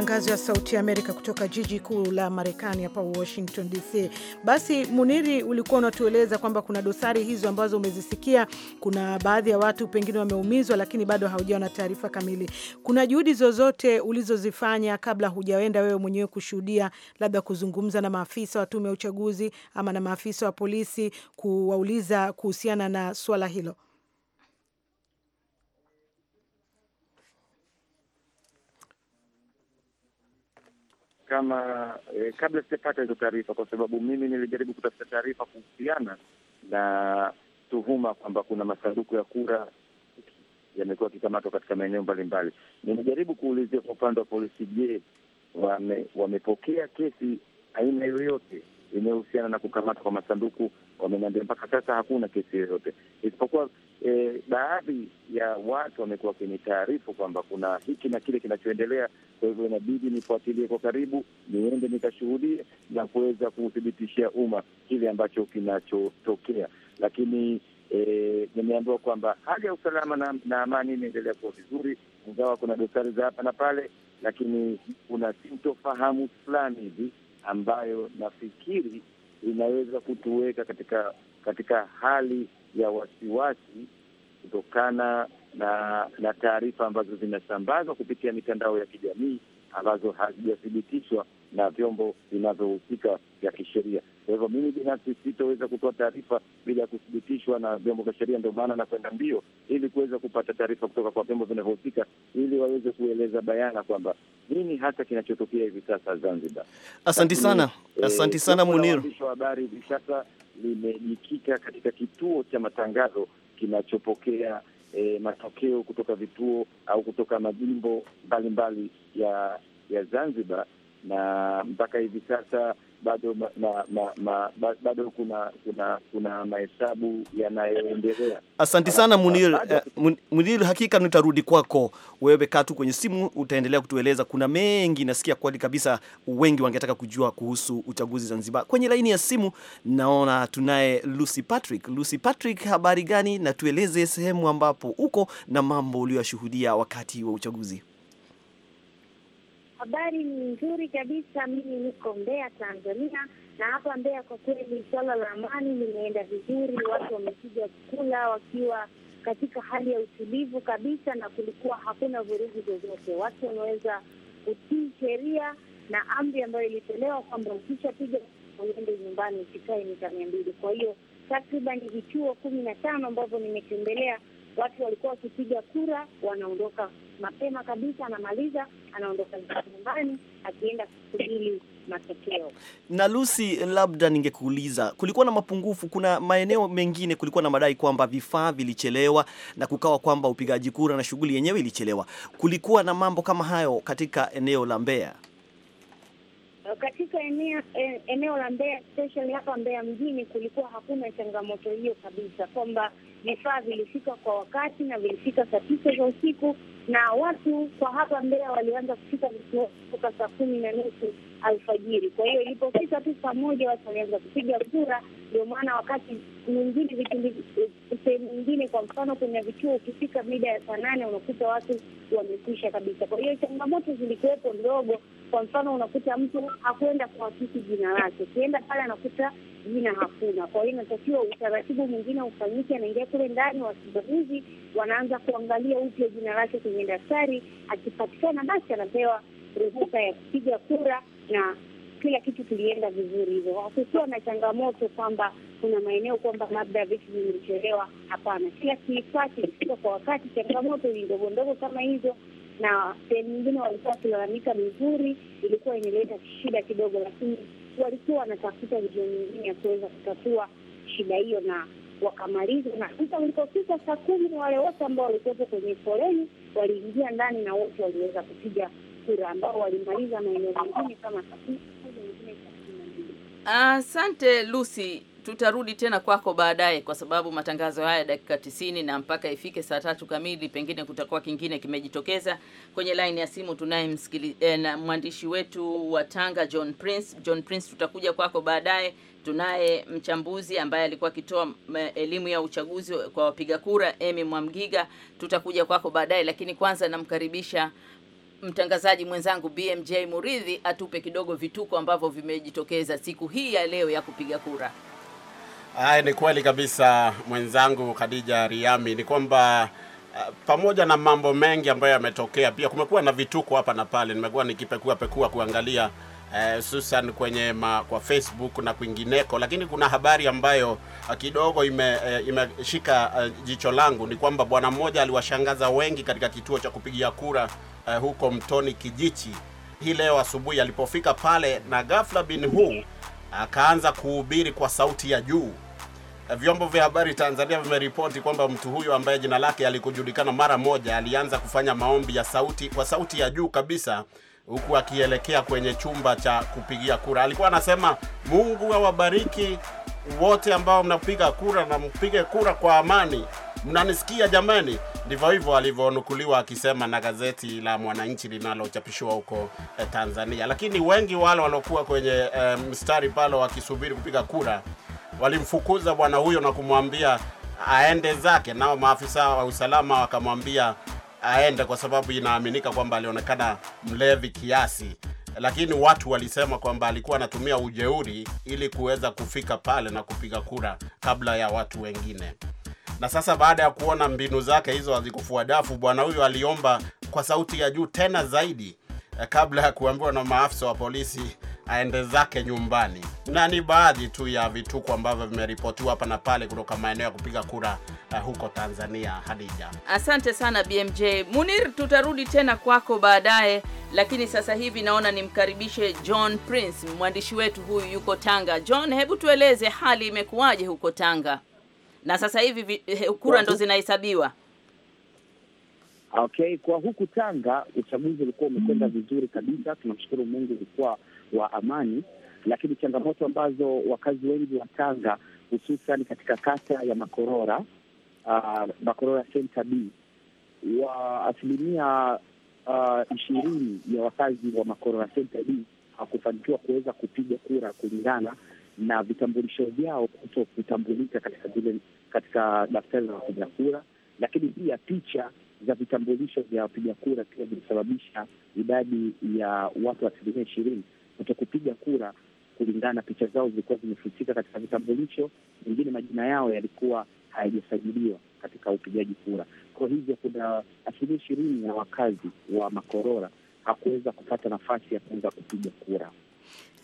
matangazo ya Sauti ya Amerika kutoka jiji kuu la Marekani hapa Washington DC. Basi Muniri, ulikuwa unatueleza kwamba kuna dosari hizo ambazo umezisikia, kuna baadhi ya watu pengine wameumizwa, lakini bado haujawa na taarifa kamili. Kuna juhudi zozote ulizozifanya kabla hujaenda wewe mwenyewe kushuhudia, labda kuzungumza na maafisa wa tume ya uchaguzi ama na maafisa wa polisi, kuwauliza kuhusiana na swala hilo? kama eh, kabla sijapata hizo taarifa, kwa sababu mimi nilijaribu kutafuta taarifa kuhusiana na tuhuma kwamba kuna masanduku ya kura yamekuwa yakikamatwa katika maeneo mbalimbali. Nimejaribu kuulizia kwa upande wa polisi, je, wame, wamepokea kesi aina yoyote inayohusiana na kukamatwa kwa masanduku? Wameniambia mpaka sasa hakuna kesi yoyote isipokuwa e, baadhi ya watu wamekuwa wakinitaarifu kwamba kuna hiki na kile kinachoendelea, kwa hivyo inabidi nifuatilie kwa karibu, niende nikashuhudie na kuweza kuthibitishia umma kile ambacho kinachotokea. Lakini e, nimeambiwa kwamba hali ya usalama na, na amani imeendelea kuwa vizuri, ingawa kuna dosari za hapa na pale, lakini kuna sintofahamu fulani hivi ambayo nafikiri inaweza kutuweka katika katika hali ya wasiwasi kutokana na na taarifa ambazo zinasambazwa kupitia mitandao ya kijamii ambazo hazijathibitishwa na vyombo vinavyohusika vya kisheria. Kwa hivyo mimi binafsi sitoweza kutoa taarifa bila ya kuthibitishwa na vyombo vya sheria. Ndio maana nakwenda mbio ili kuweza kupata taarifa kutoka kwa vyombo vinavyohusika ili waweze kueleza bayana kwamba nini hasa kinachotokea hivi sasa Zanzibar. Asanti sana, asanti eh, sana Muniru. Waandishi wa habari hivi sasa limejikita katika kituo cha matangazo kinachopokea e, matokeo kutoka vituo au kutoka majimbo mbalimbali ya ya Zanzibar, na mpaka hivi sasa bado ma, ma, ma, ma, bado kuna kuna kuna mahesabu yanayoendelea. Asante sana Munir. Uh, Munir, hakika nitarudi kwako wewe, katu tu kwenye simu, utaendelea kutueleza. Kuna mengi nasikia kweli kabisa, wengi wangetaka kujua kuhusu uchaguzi Zanzibar. Kwenye laini ya simu naona tunaye Lucy Patrick. Lucy Patrick, habari gani? Na tueleze sehemu ambapo uko na mambo uliyoshuhudia wakati wa uchaguzi. Habari ni nzuri kabisa. Mimi niko Mbeya, Tanzania, na hapa Mbeya kwa kweli swala la amani limeenda vizuri. Watu wamepiga kula wakiwa katika hali ya utulivu kabisa, na kulikuwa hakuna vurugu zozote. Watu wameweza kutii sheria na amri ambayo ilitolewa kwamba ukishapiga uende nyumbani, usikae mita mia mbili. Kwa hiyo takriban vituo kumi na tano ambavyo nimetembelea watu walikuwa wakipiga kura wanaondoka mapema kabisa, anamaliza anaondoka nyumbani akienda kusubiri matokeo. Na Lucy, labda ningekuuliza, kulikuwa na mapungufu, kuna maeneo mengine kulikuwa na madai kwamba vifaa vilichelewa na kukawa kwamba upigaji kura na shughuli yenyewe ilichelewa. Kulikuwa na mambo kama hayo katika eneo la Mbeya? katika eneo, eneo la Mbeya Stesheni hapa Mbeya mjini kulikuwa hakuna changamoto hiyo kabisa, kwamba vifaa vilifika kwa wakati na vilifika saa tisa za usiku na watu kwa hapa Mbeya walianza kufika kutoka saa kumi na nusu alfajiri. Kwa hiyo ilipofika tu saa moja watu walianza kupiga kura. Ndio maana wakati mwingine vipindi sehemu nyingine, kwa mfano, kwenye vituo ukifika mida ya saa nane unakuta watu wamekwisha kabisa. Kwa hiyo changamoto zilikuwepo ndogo. Kwa mfano, unakuta mtu hakwenda kuhakiki jina lake, ukienda pale anakuta jina hakuna. Kwa hiyo inatakiwa utaratibu mwingine ufanyike, anaingia kule ndani, wasimamizi wanaanza kuangalia upya jina lake kwenye daftari. Akipatikana basi anapewa ruhusa ya kupiga kura, na kila kitu kilienda vizuri hivyo. Hakukuwa na changamoto kwamba kuna maeneo kwamba labda vitu vimechelewa. Hapana, kila kiifati kilifika kwa wakati. Changamoto ni ndogo ndogo kama hizo na sehemu nyingine walikuwa wakilalamika, mizuri ilikuwa inaleta shida kidogo, lakini walikuwa wanatafuta njia nyingine ya kuweza kutatua shida hiyo na wakamaliza. Na sasa ulipofika saa kumi, wale wote ambao walikuwepo kwenye foleni waliingia ndani na wote waliweza kupiga kura, ambao walimaliza maeneo mengine kama saa kumi. Asante Lucy tutarudi tena kwako baadaye, kwa sababu matangazo haya dakika tisini na mpaka ifike saa tatu kamili, pengine kutakuwa kingine kimejitokeza. Kwenye line ya simu tunaye eh, mwandishi wetu wa Tanga John Prince. John Prince, tutakuja kwako baadaye. Tunaye mchambuzi ambaye alikuwa akitoa eh, elimu ya uchaguzi kwa wapiga kura, Emmy Mwamgiga, tutakuja kwako baadaye, lakini kwanza namkaribisha mtangazaji mwenzangu BMJ Muridhi atupe kidogo vituko ambavyo vimejitokeza siku hii ya leo ya kupiga kura. Aye, ni kweli kabisa mwenzangu Khadija Riami, ni kwamba eh, pamoja na mambo mengi ambayo yametokea, pia kumekuwa na vituko hapa na pale. Nimekuwa nikipekua pekua kuangalia eh, hususan eh, kwenye ma, kwa Facebook na kwingineko, lakini kuna habari ambayo eh, kidogo imeshika ime uh, jicho langu. Ni kwamba bwana mmoja aliwashangaza wengi katika kituo cha kupigia kura uh, huko Mtoni Kijichi hii leo asubuhi alipofika pale, na ghafla bin hu akaanza kuhubiri kwa sauti ya juu vyombo vya habari Tanzania vimeripoti kwamba mtu huyo ambaye jina lake alikujulikana mara moja alianza kufanya maombi ya sauti kwa sauti ya juu kabisa huku akielekea kwenye chumba cha kupigia kura. Alikuwa anasema Mungu awabariki wote ambao mnapiga kura na mpige kura kwa amani. Mnanisikia jamani? Ndivyo hivyo alivyonukuliwa akisema na gazeti la Mwananchi linalochapishwa huko eh, Tanzania. Lakini wengi wale waliokuwa kwenye eh, mstari um, pale wakisubiri kupiga kura walimfukuza bwana huyo na kumwambia aende zake, nao maafisa wa usalama wakamwambia aende kwa sababu inaaminika kwamba alionekana mlevi kiasi, lakini watu walisema kwamba alikuwa anatumia ujeuri ili kuweza kufika pale na kupiga kura kabla ya watu wengine. Na sasa baada ya kuona mbinu zake hizo hazikufua dafu, bwana huyo aliomba kwa sauti ya juu tena zaidi Eh, kabla ya kuambiwa na maafisa wa polisi aende zake nyumbani. Na ni baadhi tu ya vituko ambavyo vimeripotiwa hapa na pale kutoka maeneo ya kupiga kura uh, huko Tanzania. Hadija, asante sana BMJ Munir, tutarudi tena kwako baadaye, lakini sasa hivi naona nimkaribishe John Prince, mwandishi wetu huyu yuko Tanga. John, hebu tueleze hali imekuwaje huko Tanga na sasa hivi eh, kura ndo zinahesabiwa? Okay, kwa huku Tanga uchaguzi ulikuwa umekwenda mm. vizuri kabisa, tunamshukuru Mungu, ulikuwa wa amani, lakini changamoto ambazo wakazi wengi wa Tanga hususan katika kata ya Makorora uh, Makorora Center B wa asilimia uh, ishirini ya wakazi wa Makorora Center B hakufanikiwa kuweza kupiga kura kulingana na vitambulisho vyao kuto kutambulika katika zile katika daftari la wapiga kura, lakini pia picha za vitambulisho vya wapiga kura pia vilisababisha idadi ya watu asilimia ishirini kuto kupiga kura kulingana picha zao zilikuwa zimefutika katika vitambulisho, wengine majina yao yalikuwa hayajasajiliwa katika upigaji kura. Kwa hivyo kuna asilimia ishirini ya wakazi wa Makorora hakuweza kupata nafasi ya kuweza kupiga kura.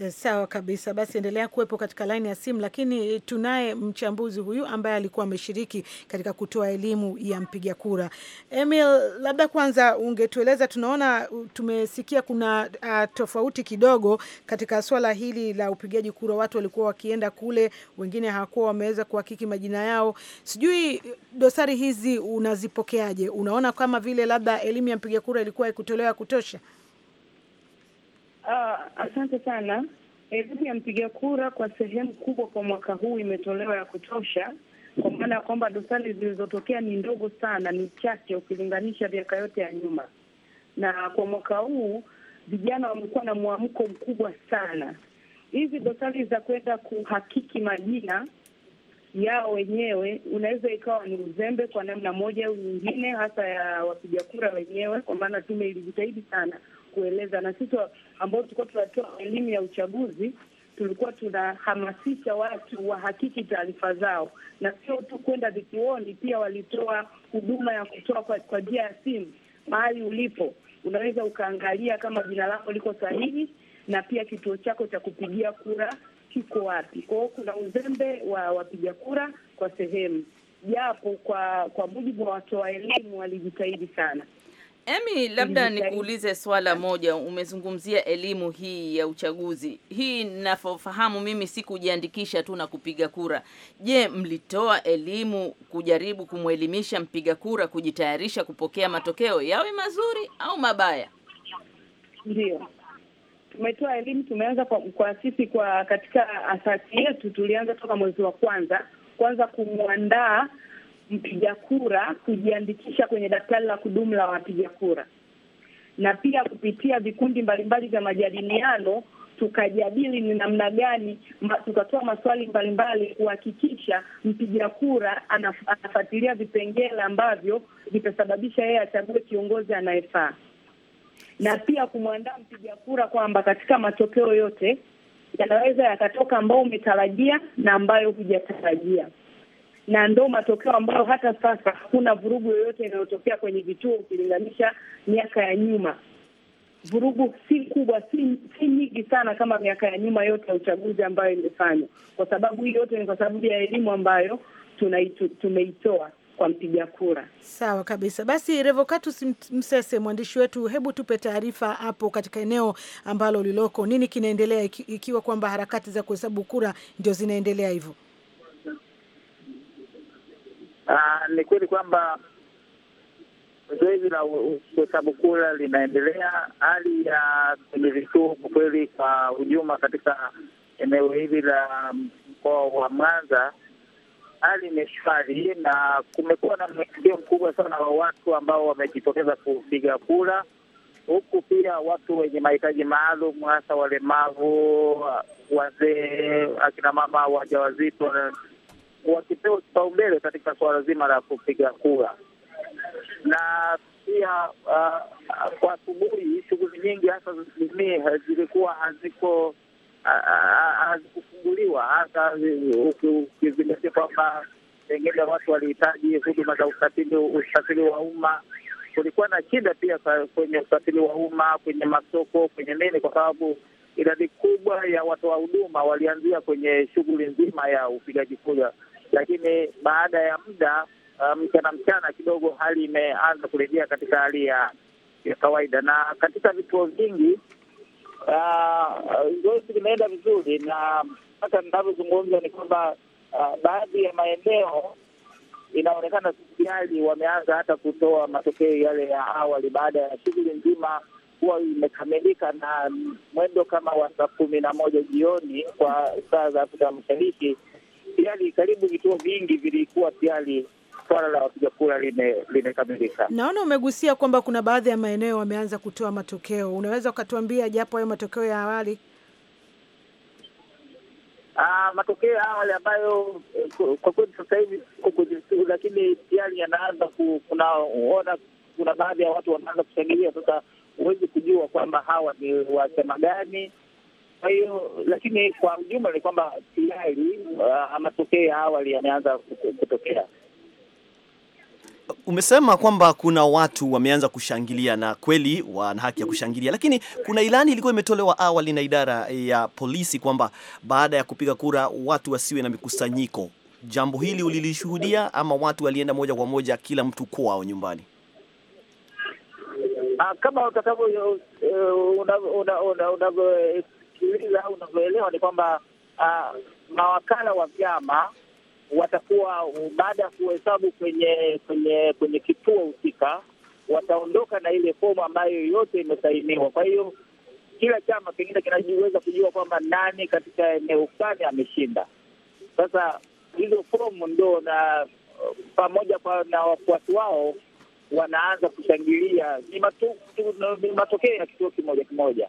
Eh, sawa kabisa, basi endelea kuwepo katika laini ya simu, lakini eh, tunaye mchambuzi huyu ambaye alikuwa ameshiriki katika kutoa elimu ya mpiga kura. Emil, labda kwanza ungetueleza, tunaona tumesikia kuna uh, tofauti kidogo katika swala hili la upigaji kura. Watu walikuwa wakienda kule, wengine hawakuwa wameweza kuhakiki majina yao. Sijui eh, dosari hizi unazipokeaje? Unaona kama vile labda elimu ya mpiga kura ilikuwa ikutolewa ya kutosha? Uh, asante sana. Elimu ya mpiga kura kwa sehemu kubwa kwa mwaka huu imetolewa ya kutosha, kwa maana ya kwamba dosari zilizotokea ni ndogo sana, ni chache ukilinganisha miaka yote ya nyuma. Na kwa mwaka huu vijana wamekuwa na mwamko mkubwa sana. Hizi dosari za kwenda kuhakiki majina yao wenyewe, unaweza ikawa ni uzembe kwa namna moja au nyingine, hasa ya wapiga kura wenyewe, kwa maana tume ilijitahidi sana kueleza, na sisi ambao tulikuwa tunatoa elimu ya uchaguzi tulikuwa tunahamasisha watu wahakiki taarifa zao, na sio tu kwenda vituoni, pia walitoa huduma ya kutoa kwa njia ya simu. Mahali ulipo unaweza ukaangalia kama jina lako liko sahihi na pia kituo chako cha kupigia kura kiko wapi. Kwa hiyo kuna uzembe wa wapiga kura kwa sehemu, japo kwa kwa mujibu wa watoa elimu walijitahidi sana. Emi, labda nikuulize swala moja. Umezungumzia elimu hii ya uchaguzi hii, navyofahamu mimi si kujiandikisha tu na kupiga kura. Je, mlitoa elimu kujaribu kumwelimisha mpiga kura kujitayarisha kupokea matokeo, yawe mazuri au mabaya? Ndiyo, tumetoa elimu. Tumeanza kwa, kwa sisi kwa katika asasi yetu tulianza toka mwezi wa kwanza kwanza kumwandaa mpiga kura kujiandikisha kwenye daftari la kudumu la wapiga kura, na pia kupitia vikundi mbalimbali vya majadiliano tukajadili ni namna gani ma, tukatoa maswali mbalimbali kuhakikisha mpiga kura anaf, anafuatilia vipengele ambavyo vitasababisha yeye achague kiongozi anayefaa, na pia kumwandaa mpiga kura kwamba katika matokeo yote yanaweza yakatoka ambayo umetarajia na ambayo hujatarajia na ndo matokeo ambayo hata sasa hakuna vurugu yoyote inayotokea kwenye vituo ukilinganisha miaka ya nyuma. Vurugu si kubwa, si, si nyingi sana kama miaka ya nyuma yote ya uchaguzi ambayo imefanywa. Kwa sababu hii yote ni kwa sababu ya elimu ambayo tumeitoa kwa mpiga kura. Sawa kabisa. Basi Revocatus Msese, mwandishi wetu, hebu tupe taarifa hapo katika eneo ambalo liloko nini kinaendelea ikiwa kwamba harakati za kuhesabu kura ndio zinaendelea hivyo? Ah, ni kweli kwamba zoezi la kuhesabu kura linaendelea. Hali ya kwenye vituo kwa kweli, kwa hujuma katika eneo hili la mkoa wa Mwanza, hali ni shwari na kumekuwa na mwitikio mkubwa sana wa watu ambao wamejitokeza kupiga kura, huku pia watu wenye mahitaji maalum, hasa walemavu, wazee, akina mama wajawazito wakipewa kipaumbele katika suala zima la kupiga kura, na pia uh, kwa asubuhi shughuli nyingi hasa za kijamii zilikuwa haziko ah, ah, hazikufunguliwa hasa ukizingatia kwamba pengine watu walihitaji huduma za usafiri usafiri wa umma. Kulikuwa na shida pia kwenye usafiri wa umma, kwenye masoko, kwenye nini, kwa sababu idadi kubwa ya watoa huduma walianzia kwenye shughuli nzima ya upigaji kura lakini baada ya muda uh, mchana um, mchana kidogo hali imeanza kurejea katika hali ya, ya kawaida, na katika vituo vingi uh, zoezi uh, limeenda vizuri, na hata ninavyozungumza ni kwamba uh, baadhi ya maeneo inaonekana serikali wameanza hata kutoa matokeo yale ya awali baada ya shughuli nzima huwa imekamilika na mwendo kama wa saa kumi na moja jioni kwa saa za Afrika Mashariki tayari karibu vituo vingi vilikuwa tayari swala la wapiga kura limekamilika. naona umegusia kwamba kuna baadhi ya maeneo wameanza kutoa matokeo, unaweza ukatuambia japo hayo matokeo ya awali? Ah, matokeo ya awali ambayo eh, kwa kweli sasa hivi lakini tayari yanaanza kunaona, kuna baadhi ya watu wanaanza kushangilia sasa. Huwezi kujua kwamba hawa ni wa chama gani kwa hiyo lakini kwa mjumla ni kwamba tayari uh, matokeo ya awali yameanza kutokea. Umesema kwamba kuna watu wameanza kushangilia na kweli wana haki ya kushangilia, lakini kuna ilani ilikuwa imetolewa awali na idara ya polisi kwamba baada ya kupiga kura watu wasiwe na mikusanyiko. Jambo hili ulilishuhudia ama watu walienda moja kwa moja kila mtu kwao nyumbani? Ah, kama utakavyo uh, unavyoeleza unachojiuliza au unazoelewa ni kwamba uh, mawakala wa vyama watakuwa baada ya kuhesabu kwenye kwenye kwenye kituo husika, wataondoka na ile fomu ambayo yote imesainiwa. Kwa hiyo kila chama kingine kinaweza kujua kwamba nani katika eneo fulani ameshinda. Sasa hizo fomu ndo na pamoja kwa na wafuasi wao wanaanza kushangilia, ni matokeo ya kituo kimoja kimoja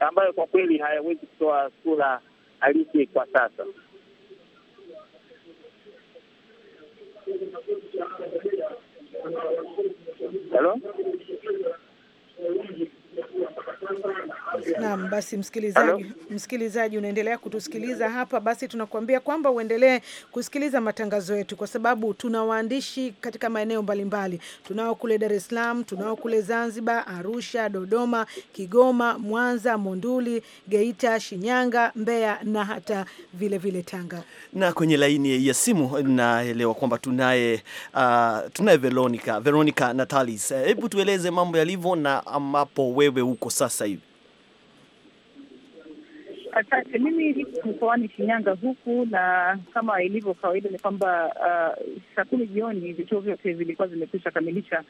ambayo kwa kweli hayawezi kutoa sura halisi kwa sasa. Halo? Naam, basi msikilizaji, Hello? Msikilizaji unaendelea kutusikiliza hapa, basi tunakuambia kwamba uendelee kusikiliza matangazo yetu, kwa sababu tuna waandishi katika maeneo mbalimbali. Tunao kule Dar es Salaam, tunao kule Zanzibar, Arusha, Dodoma, Kigoma, Mwanza, Monduli, Geita, Shinyanga, Mbeya na hata vile vile Tanga. Na kwenye laini ya simu naelewa kwamba tunaye uh, tunaye Veronica, Veronica Natalis. Eh, hebu tueleze mambo yalivyo na ambapo we wewe huko sasa hivi? Asante. Mimi niko mkoani Shinyanga huku, na kama ilivyo kawaida ni kwamba uh, saa kumi jioni vituo vyote vilikuwa vimekwisha kamilisha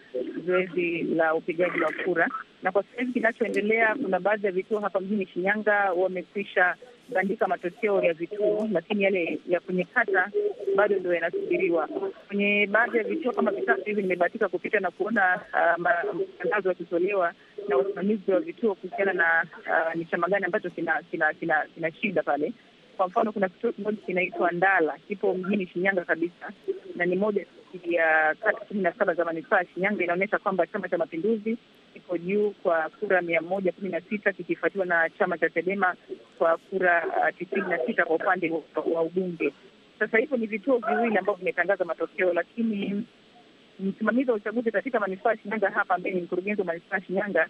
zoezi la upigaji wa kura, na kwa sasa hivi kinachoendelea, kuna baadhi ya vituo hapa mjini Shinyanga wamekwisha kubandika matokeo ya vituo, lakini yale ya kwenye kata bado ndo yanasubiriwa. Kwenye baadhi ya vituo kama vitatu hivi nimebahatika kupita na kuona uh, matangazo yakitolewa na wasimamizi wa vituo kuhusiana na uh, ni chama gani ambacho kina kina kina, kina shida pale. Kwa mfano kuna kituo kimoja kinaitwa Ndala, kipo mjini Shinyanga kabisa na ni moja ajili ya kata kumi na saba za manispaa ya Shinyanga inaonyesha kwamba Chama cha Mapinduzi kiko juu kwa kura mia moja kumi na sita kikifuatiwa na chama cha Chadema kwa kura uh, tisini na sita kwa upande wa, ubunge. Sasa hivyo ni vituo viwili ambavyo vimetangaza matokeo, lakini msimamizi wa uchaguzi katika manispaa ya Shinyanga hapa mbele, mkurugenzi wa manispaa ya Shinyanga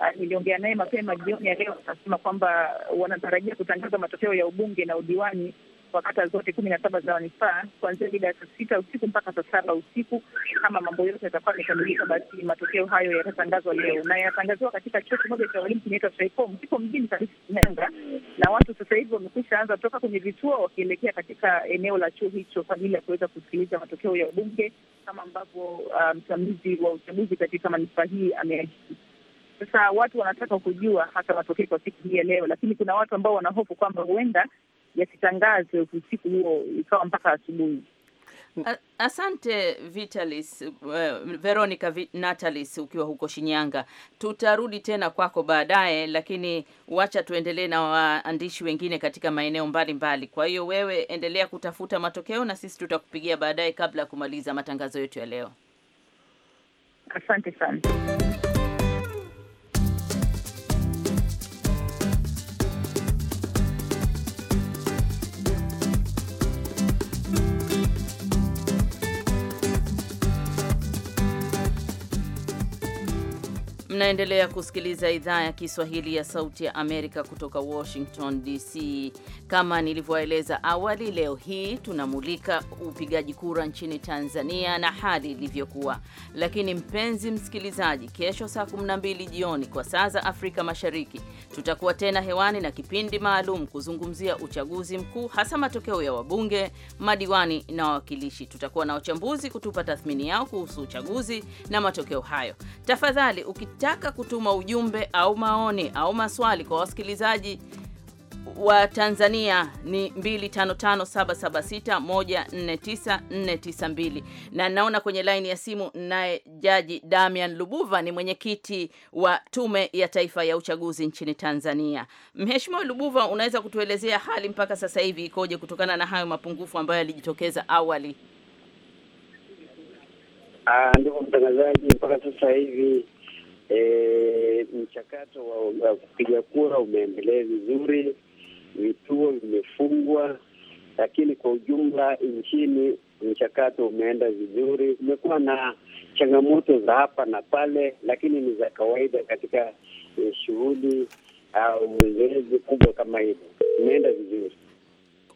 uh, niliongea uh, naye mapema jioni ya leo, akasema kwamba wanatarajia kutangaza matokeo ya ubunge na udiwani kwa kata zote kumi na saba za manispaa kuanzia mida ya saa sita usiku mpaka saa saba usiku. Kama mambo yote yatakuwa yamekamilika, basi matokeo hayo yatatangazwa leo na yatangaziwa katika chuo kimoja cha walimu kinaitwa Traiform, kipo mjini kabisa Shinyanga, na watu sasa hivi wamekwisha anza kutoka kwenye vituo wakielekea katika eneo la chuo hicho kwa ajili ya kuweza kusikiliza matokeo ya ubunge kama ambavyo uh, msimamizi um, wa uchaguzi katika manispaa hii ameahidi. Sasa watu wanataka kujua hasa matokeo kwa siku hii ya leo, lakini kuna watu ambao wanahofu kwamba huenda yasitangazwe usiku huo ikawa mpaka asubuhi. Asante Vitalis, uh, Veronica Natalis, ukiwa huko Shinyanga. Tutarudi tena kwako baadaye, lakini wacha tuendelee na waandishi wengine katika maeneo mbalimbali. Kwa hiyo wewe endelea kutafuta matokeo na sisi tutakupigia baadaye, kabla ya kumaliza matangazo yetu ya leo. Asante sana. Mnaendelea kusikiliza idhaa ya Kiswahili ya Sauti ya Amerika kutoka Washington DC. Kama nilivyoeleza awali, leo hii tunamulika upigaji kura nchini Tanzania na hali ilivyokuwa. Lakini mpenzi msikilizaji, kesho saa 12 jioni kwa saa za Afrika Mashariki tutakuwa tena hewani na kipindi maalum kuzungumzia uchaguzi mkuu, hasa matokeo ya wabunge, madiwani na wawakilishi. Tutakuwa na wachambuzi kutupa tathmini yao kuhusu uchaguzi na matokeo hayo. Tafadhali ukita mnataka kutuma ujumbe au maoni au maswali kwa wasikilizaji wa Tanzania ni 255776149492 na naona kwenye laini ya simu naye Jaji Damian Lubuva ni mwenyekiti wa Tume ya Taifa ya Uchaguzi nchini Tanzania. Mheshimiwa Lubuva, unaweza kutuelezea hali mpaka sasa hivi ikoje kutokana na hayo mapungufu ambayo yalijitokeza awali? Ah, ndugu mtangazaji, mpaka sasa hivi E, mchakato wa kupiga kura umeendelea vizuri, vituo vimefungwa, lakini kwa ujumla nchini mchakato umeenda vizuri. Kumekuwa na changamoto za hapa na pale, lakini ni za kawaida katika eh, shughuli au zoezi kubwa kama hilo. umeenda vizuri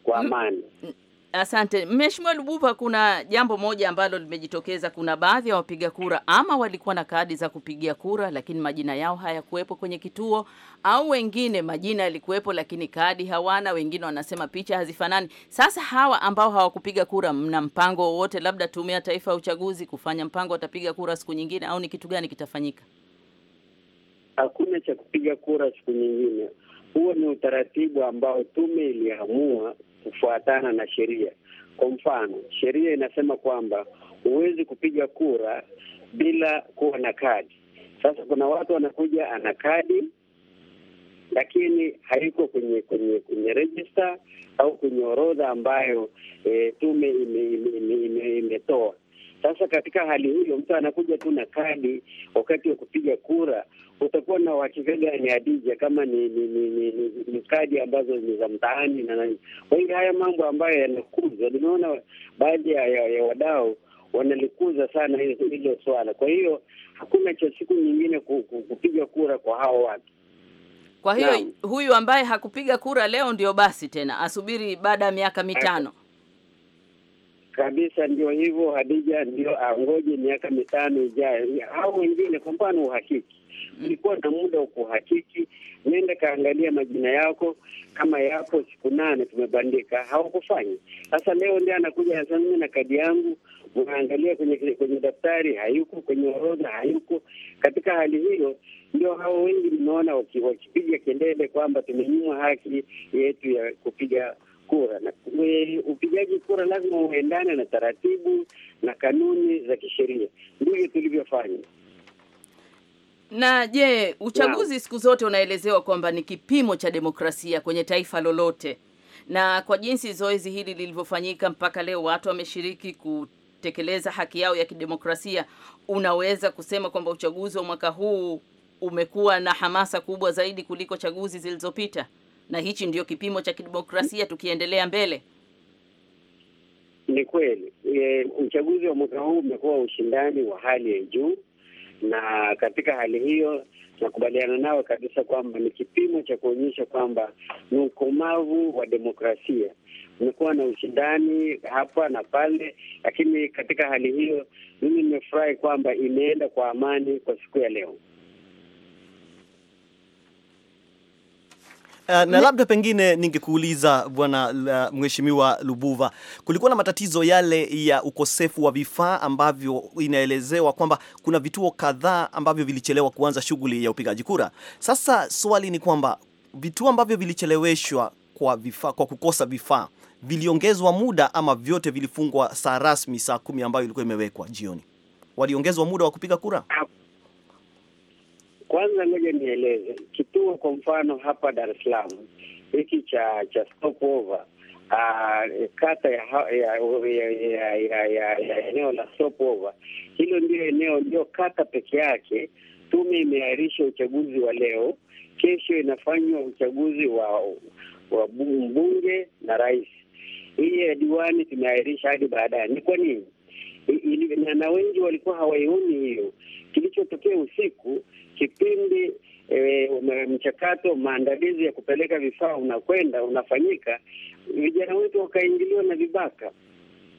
kwa mm. amani. Mm. Asante Mheshimiwa Lubuva, kuna jambo moja ambalo limejitokeza. Kuna baadhi ya wapiga kura ama walikuwa na kadi za kupigia kura, lakini majina yao hayakuwepo kwenye kituo, au wengine majina yalikuwepo, lakini kadi hawana. Wengine wanasema picha hazifanani. Sasa hawa ambao hawakupiga kura, mna mpango wowote, labda Tume ya Taifa ya Uchaguzi kufanya mpango, watapiga kura siku nyingine, au ni kitu gani kitafanyika? Hakuna cha kupiga kura siku nyingine. Huo ni utaratibu ambao tume iliamua kufuatana na sheria. Kwa mfano, sheria inasema kwamba huwezi kupiga kura bila kuwa na kadi. Sasa kuna watu wanakuja ana kadi lakini haiko kwenye kwenye kwenye rejista au kwenye orodha ambayo e, tume imetoa ime, ime, ime sasa katika hali hiyo, mtu anakuja tu na kadi wakati wa kupiga kura, utakuwa na uhakika gani Adija, kama ni ni, ni, ni, ni, ni kadi ambazo ni za mtaani na nani? Kwa hiyo haya mambo ambayo yanakuzwa, nimeona baadhi ya, ya, ya wadau wanalikuza sana hilo swala. Kwa hiyo hakuna cha siku nyingine kupiga kura kwa hao watu. Kwa hiyo huyu ambaye hakupiga kura leo ndio basi tena asubiri baada ya miaka mitano kabisa. Ndio hivyo Hadija, ndio angoje ah, miaka mitano ijayo, au wengine. Kwa mfano, uhakiki ulikuwa na muda wa kuhakiki, nenda kaangalia majina yako kama yapo siku nane tumebandika, hawakufanya. Sasa leo ndio anakuja anasema, mimi na kadi yangu, unaangalia kwenye kwenye daftari hayuko, kwenye orodha hayuko. Katika hali hiyo ndio hao wengi nimeona wakipiga kelele kwamba tumenyimwa haki yetu ya kupiga kura, na upigaji kura lazima uendane na taratibu na kanuni za kisheria. Ndivyo tulivyofanya. Na je, uchaguzi siku zote unaelezewa kwamba ni kipimo cha demokrasia kwenye taifa lolote, na kwa jinsi zoezi hili lilivyofanyika mpaka leo watu wameshiriki kutekeleza haki yao ya kidemokrasia, unaweza kusema kwamba uchaguzi wa mwaka huu umekuwa na hamasa kubwa zaidi kuliko chaguzi zilizopita? na hichi ndio kipimo cha kidemokrasia tukiendelea mbele? Ni kweli e, uchaguzi wa mwaka huu umekuwa ushindani wa hali ya juu, na katika hali hiyo nakubaliana nawe kabisa kwamba ni kipimo cha kuonyesha kwamba ni ukomavu wa demokrasia. Umekuwa na ushindani hapa na pale, lakini katika hali hiyo mimi nimefurahi kwamba imeenda kwa amani kwa siku ya leo. Uh, na labda pengine ningekuuliza bwana mheshimiwa Lubuva, kulikuwa na matatizo yale ya ukosefu wa vifaa ambavyo inaelezewa kwamba kuna vituo kadhaa ambavyo vilichelewa kuanza shughuli ya upigaji kura. Sasa swali ni kwamba vituo ambavyo vilicheleweshwa kwa vifaa, kwa kukosa vifaa viliongezwa muda ama vyote vilifungwa saa rasmi saa kumi ambayo ilikuwa imewekwa jioni? Waliongezwa muda wa kupiga kura? Kwanza ngoja nieleze kituo, kwa mfano hapa Dar es Salaam hiki cha cha stopover Uh, kata ya eneo ya, ya, ya, ya, ya, ya, la stopover hilo ndio eneo ndio kata peke yake. Tume imeahirisha uchaguzi wa leo, kesho inafanywa uchaguzi wa, wa mbunge na rais. Hii ya diwani tumeahirisha hadi baadaye. Ni kwa nini? na wengi walikuwa hawaioni hiyo. Kilichotokea usiku kipindi e, mchakato maandalizi ya kupeleka vifaa unakwenda unafanyika, vijana wetu wakaingiliwa na vibaka,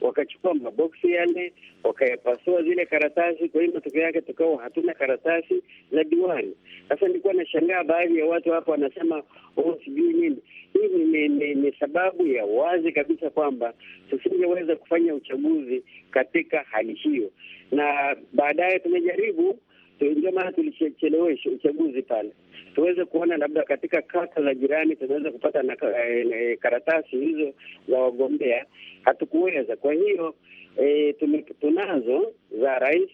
wakachukua maboksi yale wakayapasua zile karatasi. Kwa hiyo matokeo yake tukawa hatuna karatasi za diwani. Sasa nilikuwa nashangaa baadhi ya watu hapo wanasema oh, sijui nini. Hii ni, ni, ni sababu ya wazi kabisa kwamba tusingeweza kufanya uchaguzi katika hali hiyo, na baadaye tumejaribu ndio maana tulichelewesha uchaguzi pale, tuweze kuona labda katika kata za jirani tunaweza kupata na e, karatasi hizo za wagombea. Hatukuweza. Kwa hiyo e, tunazo za rais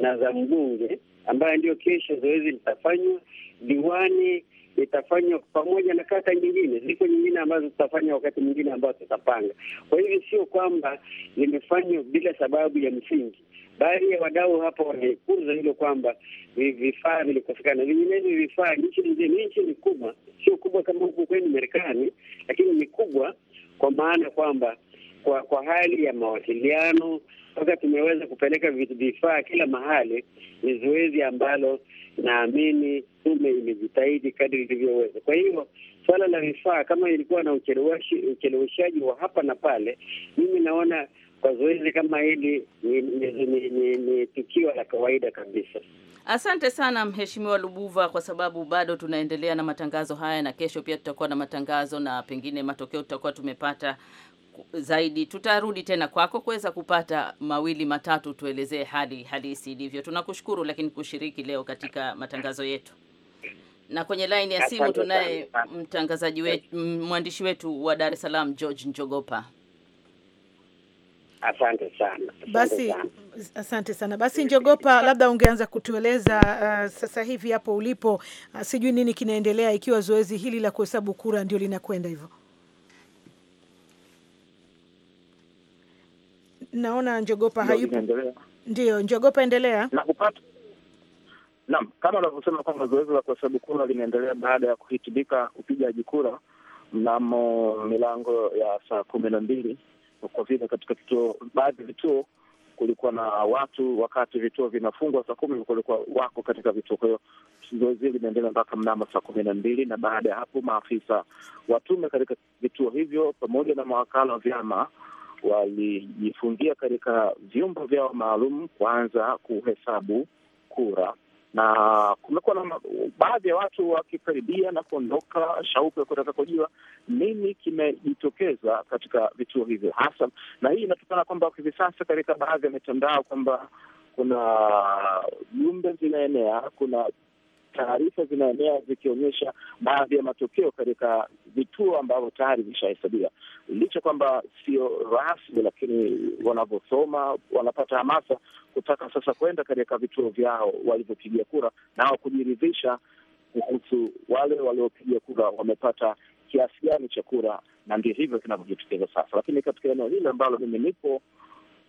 na za mbunge, ambayo ndio kesho zoezi litafanywa. Diwani itafanywa pamoja na kata nyingine. Ziko nyingine ambazo tutafanya wakati mwingine ambao tutapanga. Kwa hivyo sio kwamba limefanywa bila sababu ya msingi. Baadhi ya wadau hapa wanaikuza hilo kwamba vifaa vilikosekana. Vinginevyo vifaa nchi nzima, nchi ni kubwa, sio kubwa kama huku kwenu Marekani, lakini ni kubwa kwa maana kwamba kwa, kwa hali ya mawasiliano mpaka tumeweza kupeleka vifaa kila mahali, ni zoezi ambalo naamini tume imejitahidi kadri ilivyoweza. Kwa hiyo suala la vifaa kama ilikuwa na ucheleweshaji wa hapa na pale, mimi naona kwa zoezi kama hili ni, ni, ni, ni, ni, ni tukio la kawaida kabisa. Asante sana Mheshimiwa Lubuva, kwa sababu bado tunaendelea na matangazo haya, na kesho pia tutakuwa na matangazo na pengine matokeo tutakuwa tumepata zaidi, tutarudi tena kwako kuweza kupata mawili matatu, tuelezee hali halisi ilivyo. Tunakushukuru lakini kushiriki leo katika matangazo yetu, na kwenye laini ya simu tunaye mtangazaji wetu, mwandishi wetu wa Dar es Salaam George Njogopa. Asante sana. Asante basi sana. Asante sana basi, Njogopa, labda ungeanza kutueleza uh, sasa hivi hapo ulipo, uh, sijui nini kinaendelea, ikiwa zoezi hili la kuhesabu kura ndio linakwenda hivyo. Naona Njogopa hayupo. Ndio, Njogopa, endelea na kupata Naam, kama unavyosema kwamba zoezi la kuhesabu kura linaendelea baada ya kuhitimika upigaji kura mnamo milango ya saa kumi na mbili kwa vile katika vituo, baadhi ya vituo kulikuwa na watu wakati vituo vinafungwa saa kumi kulikuwa wako katika vituo. Kwa hiyo zoezi hili linaendelea mpaka mnamo saa kumi na mbili na baada ya hapo maafisa watume katika vituo hivyo pamoja na mawakala wa vyama walijifungia katika vyombo vyao maalum kuanza kuhesabu kura, na kumekuwa na baadhi ya watu wakikaribia na kuondoka, shauku ya kutaka kujua nini kimejitokeza katika vituo hivyo hasa, na hii inatokana kwamba hivi sasa katika baadhi ya mitandao kwamba kuna jumbe zinaenea, kuna taarifa zinaenea zikionyesha baadhi ya matokeo katika vituo ambavyo tayari vishahesabiwa, licha kwamba sio rasmi, lakini wanavyosoma wanapata hamasa kutaka sasa kwenda katika vituo vyao walivyopigia kura, nao kujiridhisha kuhusu wale waliopigia kura wamepata kiasi gani cha kura, na ndio hivyo kinavyojitokeza sasa. Lakini katika eneo hili ambalo mimi nipo,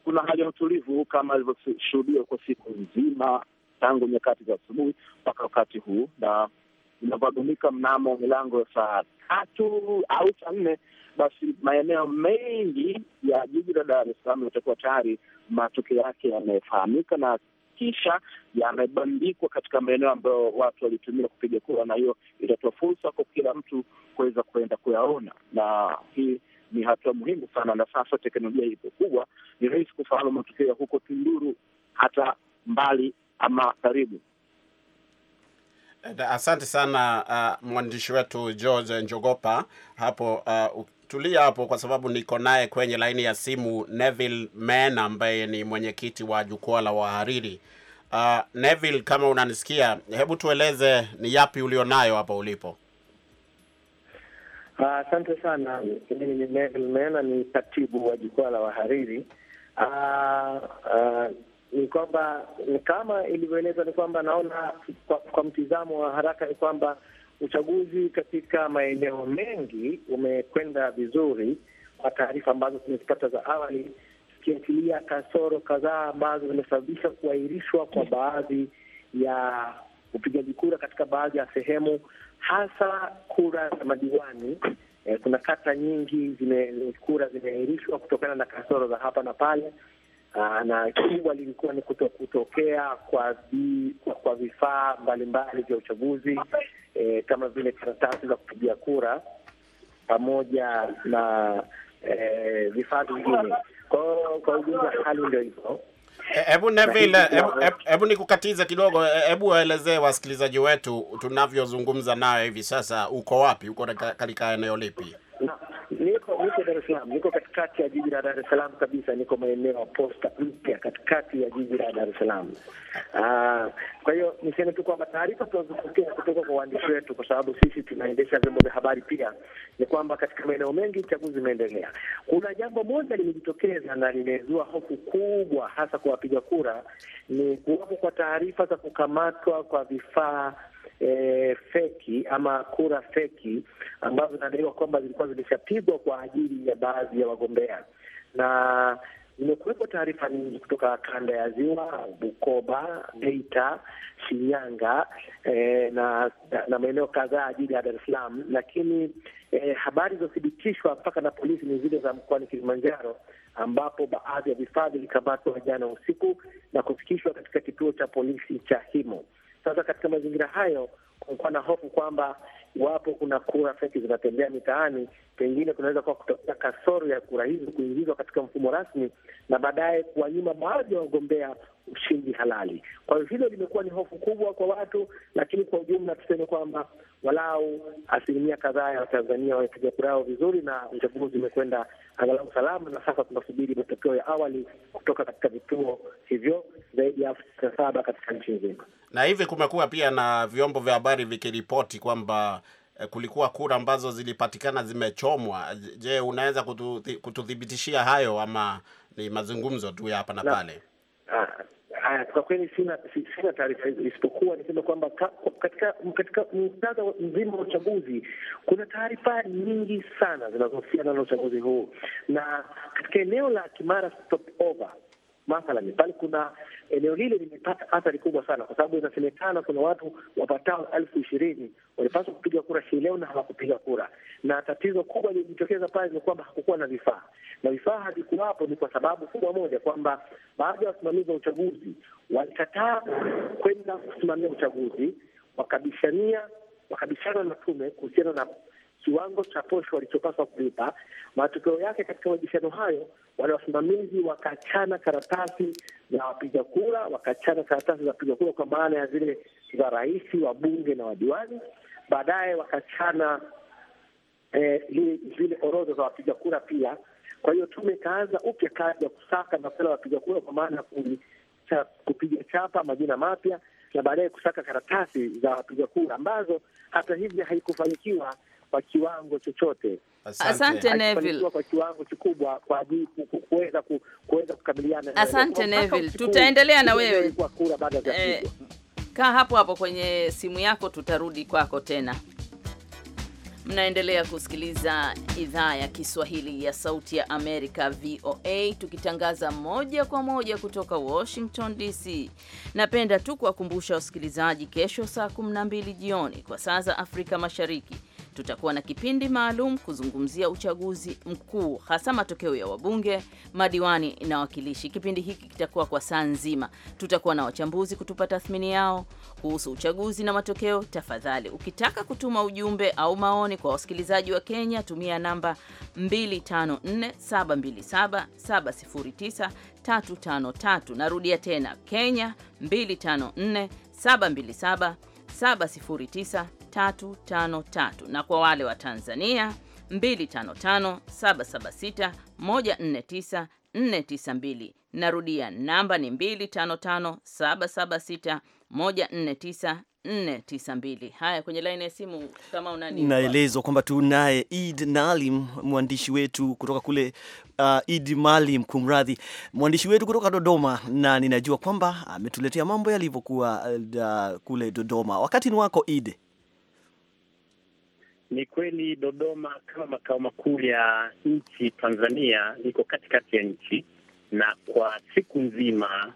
kuna hali ya utulivu kama alivyoshuhudiwa kwa siku nzima tangu nyakati za asubuhi mpaka wakati huu, na inavyodumika mnamo milango ya saa tatu au saa nne, basi maeneo mengi ya jiji la Dar es Salaam yatakuwa tayari matokeo yake yamefahamika na kisha yamebandikwa katika maeneo ambayo watu walitumia kupiga kura, na hiyo itatoa fursa kwa kila mtu kuweza kuenda kuyaona, na hii ni hatua muhimu sana. Na sasa teknolojia ipo kubwa, ni rahisi kufahamu matokeo ya huko Tunduru hata mbali ama karibu. Eh, asante sana uh, mwandishi wetu George Njogopa hapo uh, eh, tulia hapo kwa sababu niko naye kwenye laini ya simu Neville Mena ambaye ni mwenyekiti wa jukwaa la wahariri. Uh, Neville, kama unanisikia, hebu tueleze ni yapi ulionayo hapo ulipo. Ah, asante uh, sana. Mimi ni Neville Mena, ni katibu wa jukwaa la wahariri. uh, uh, ni kwamba kama ilivyoelezwa, ni kwamba naona kwa, kwa mtizamo wa haraka ni kwamba uchaguzi katika maeneo mengi umekwenda vizuri, kwa taarifa ambazo tumezipata za awali, tukiachilia kasoro kadhaa ambazo zimesababisha kuahirishwa kwa baadhi ya upigaji kura katika baadhi ya sehemu, hasa kura za madiwani. Eh, kuna kata nyingi zime, kura zimeahirishwa kutokana na kasoro za hapa na pale Ah, na kikubwa lilikuwa ni kuto, kutokea kwa, vi, kwa, kwa vifaa mbalimbali vya uchaguzi eh, kama vile karatasi za kupigia kura pamoja na eh, vifaa vingine. Kwa kwa ujumla hali ndio hivyo. Eh, hebu Neville, hebu nikukatize kidogo. Eh, eh, hebu waelezee wasikilizaji wetu tunavyozungumza nayo hivi sasa, uko wapi? Uko katika eneo lipi? niko niko Dar es Salaam, niko katikati ya jiji la Dar es Salaam kabisa, niko maeneo ya posta mpya katikati ya jiji la Dar es Salaam. Ah, kwa hiyo niseme tu kwamba taarifa tunazopokea kutoka kwa waandishi wetu, kwa sababu sisi tunaendesha vyombo vya habari pia, ni kwamba katika maeneo mengi uchaguzi umeendelea. Kuna jambo moja limejitokeza na limezua hofu kubwa, hasa kwa wapiga kura, ni kuwapo kwa taarifa za kukamatwa kwa vifaa e, feki ama kura feki ambazo zinadaiwa kwamba zilikuwa zimeshapigwa kwa ajili ya baadhi ya wagombea na zimekuwepo taarifa nyingi kutoka kanda ya Ziwa, Bukoba, Geita, Shinyanga eh, na, na maeneo kadhaa ajili ya Dar es Salaam, lakini eh, habari zilizothibitishwa mpaka na polisi ni zile za mkoani Kilimanjaro, ambapo baadhi ya vifaa vilikamatwa jana usiku na kufikishwa katika kituo cha polisi cha Himo. Sasa katika mazingira hayo, kumekuwa na hofu kwamba iwapo kuna kura feki zinatembea mitaani, pengine kunaweza kuwa kutokea kasoro ya kura hizi kuingizwa katika mfumo rasmi na baadaye kuwanyima baadhi ya wagombea ushindi halali. Kwa hiyo hilo limekuwa ni hofu kubwa kwa watu, lakini kwa ujumla tuseme kwamba walau asilimia kadhaa ya Watanzania wamepiga kura yao vizuri na uchaguzi umekwenda angalau salama, na sasa tunasubiri matokeo ya awali kutoka katika vituo hivyo zaidi ya elfu sitini na saba katika nchi nzima. Na hivi kumekuwa pia na vyombo vya habari vikiripoti kwamba eh, kulikuwa kura ambazo zilipatikana zimechomwa. Je, unaweza kututhibitishia hayo ama ni mazungumzo tu ya hapa na pale? Ah, ah, kwa kweli sina sina taarifa hizo, isipokuwa niseme kwamba katika katika muktadha mzima wa uchaguzi kuna taarifa nyingi sana zinazohusiana na uchaguzi huu, na katika eneo la Kimara Stopover mathalani pale, kuna eneo lile limepata athari kubwa sana, kwa sababu inasemekana kuna watu wapatao elfu ishirini walipaswa kupiga kura hii leo na hawakupiga kura, na tatizo kubwa lilijitokeza pale ni kwamba hakukuwa na vifaa, na vifaa havikuwapo ni kwa sababu kubwa moja, kwamba baadhi ya wasimamizi wa uchaguzi walikataa kwenda kusimamia uchaguzi, wakabishania wakabishana na tume kuhusiana na kiwango cha posho walichopaswa kulipa. Matokeo yake katika majishano hayo, wale wasimamizi wakachana karatasi za wapiga kura, wakachana karatasi za wapiga kura kwa maana ya zile za rais, wabunge na wadiwani. Baadaye wakachana eh, zile orodha za wapiga kura pia. Kwa hiyo tume ikaanza upya kazi ya kusaka daftari ya wapiga kura kwa maana ya kupiga chapa majina mapya na baadaye kusaka karatasi za wapiga kura ambazo hata hivyo haikufanikiwa kwa kiwango chochote. Asante Neville, kwa kiwango kikubwa kwa ajili kuweza kuweza kukabiliana. Asante Neville, tutaendelea na wewe kwa kura baada ya eh, kaa hapo hapo kwenye simu yako, tutarudi kwako tena. Mnaendelea kusikiliza idhaa ya Kiswahili ya Sauti ya Amerika, VOA, tukitangaza moja kwa moja kutoka Washington DC. Napenda tu kuwakumbusha wasikilizaji, kesho saa 12 jioni kwa saa za Afrika Mashariki tutakuwa na kipindi maalum kuzungumzia uchaguzi mkuu, hasa matokeo ya wabunge, madiwani na wakilishi. Kipindi hiki kitakuwa kwa saa nzima. Tutakuwa na wachambuzi kutupa tathmini yao kuhusu uchaguzi na matokeo. Tafadhali, ukitaka kutuma ujumbe au maoni kwa wasikilizaji wa Kenya, tumia namba 254727709353. Narudia tena, Kenya 2547277093 353 na kwa wale wa Tanzania 255 Narudia namba ni 255 Haya, kwenye laini ya simu kama unani naelezwa kwamba tunaye Eid Nalim, mwandishi wetu kutoka kule uh, Eid Malim, kumradhi, mwandishi wetu kutoka Dodoma, na ninajua kwamba ametuletea mambo yalivyokuwa uh, kule Dodoma. Wakati ni wako Eid. Ni kweli Dodoma kama makao makuu ya nchi Tanzania iko katikati ya nchi, na kwa siku nzima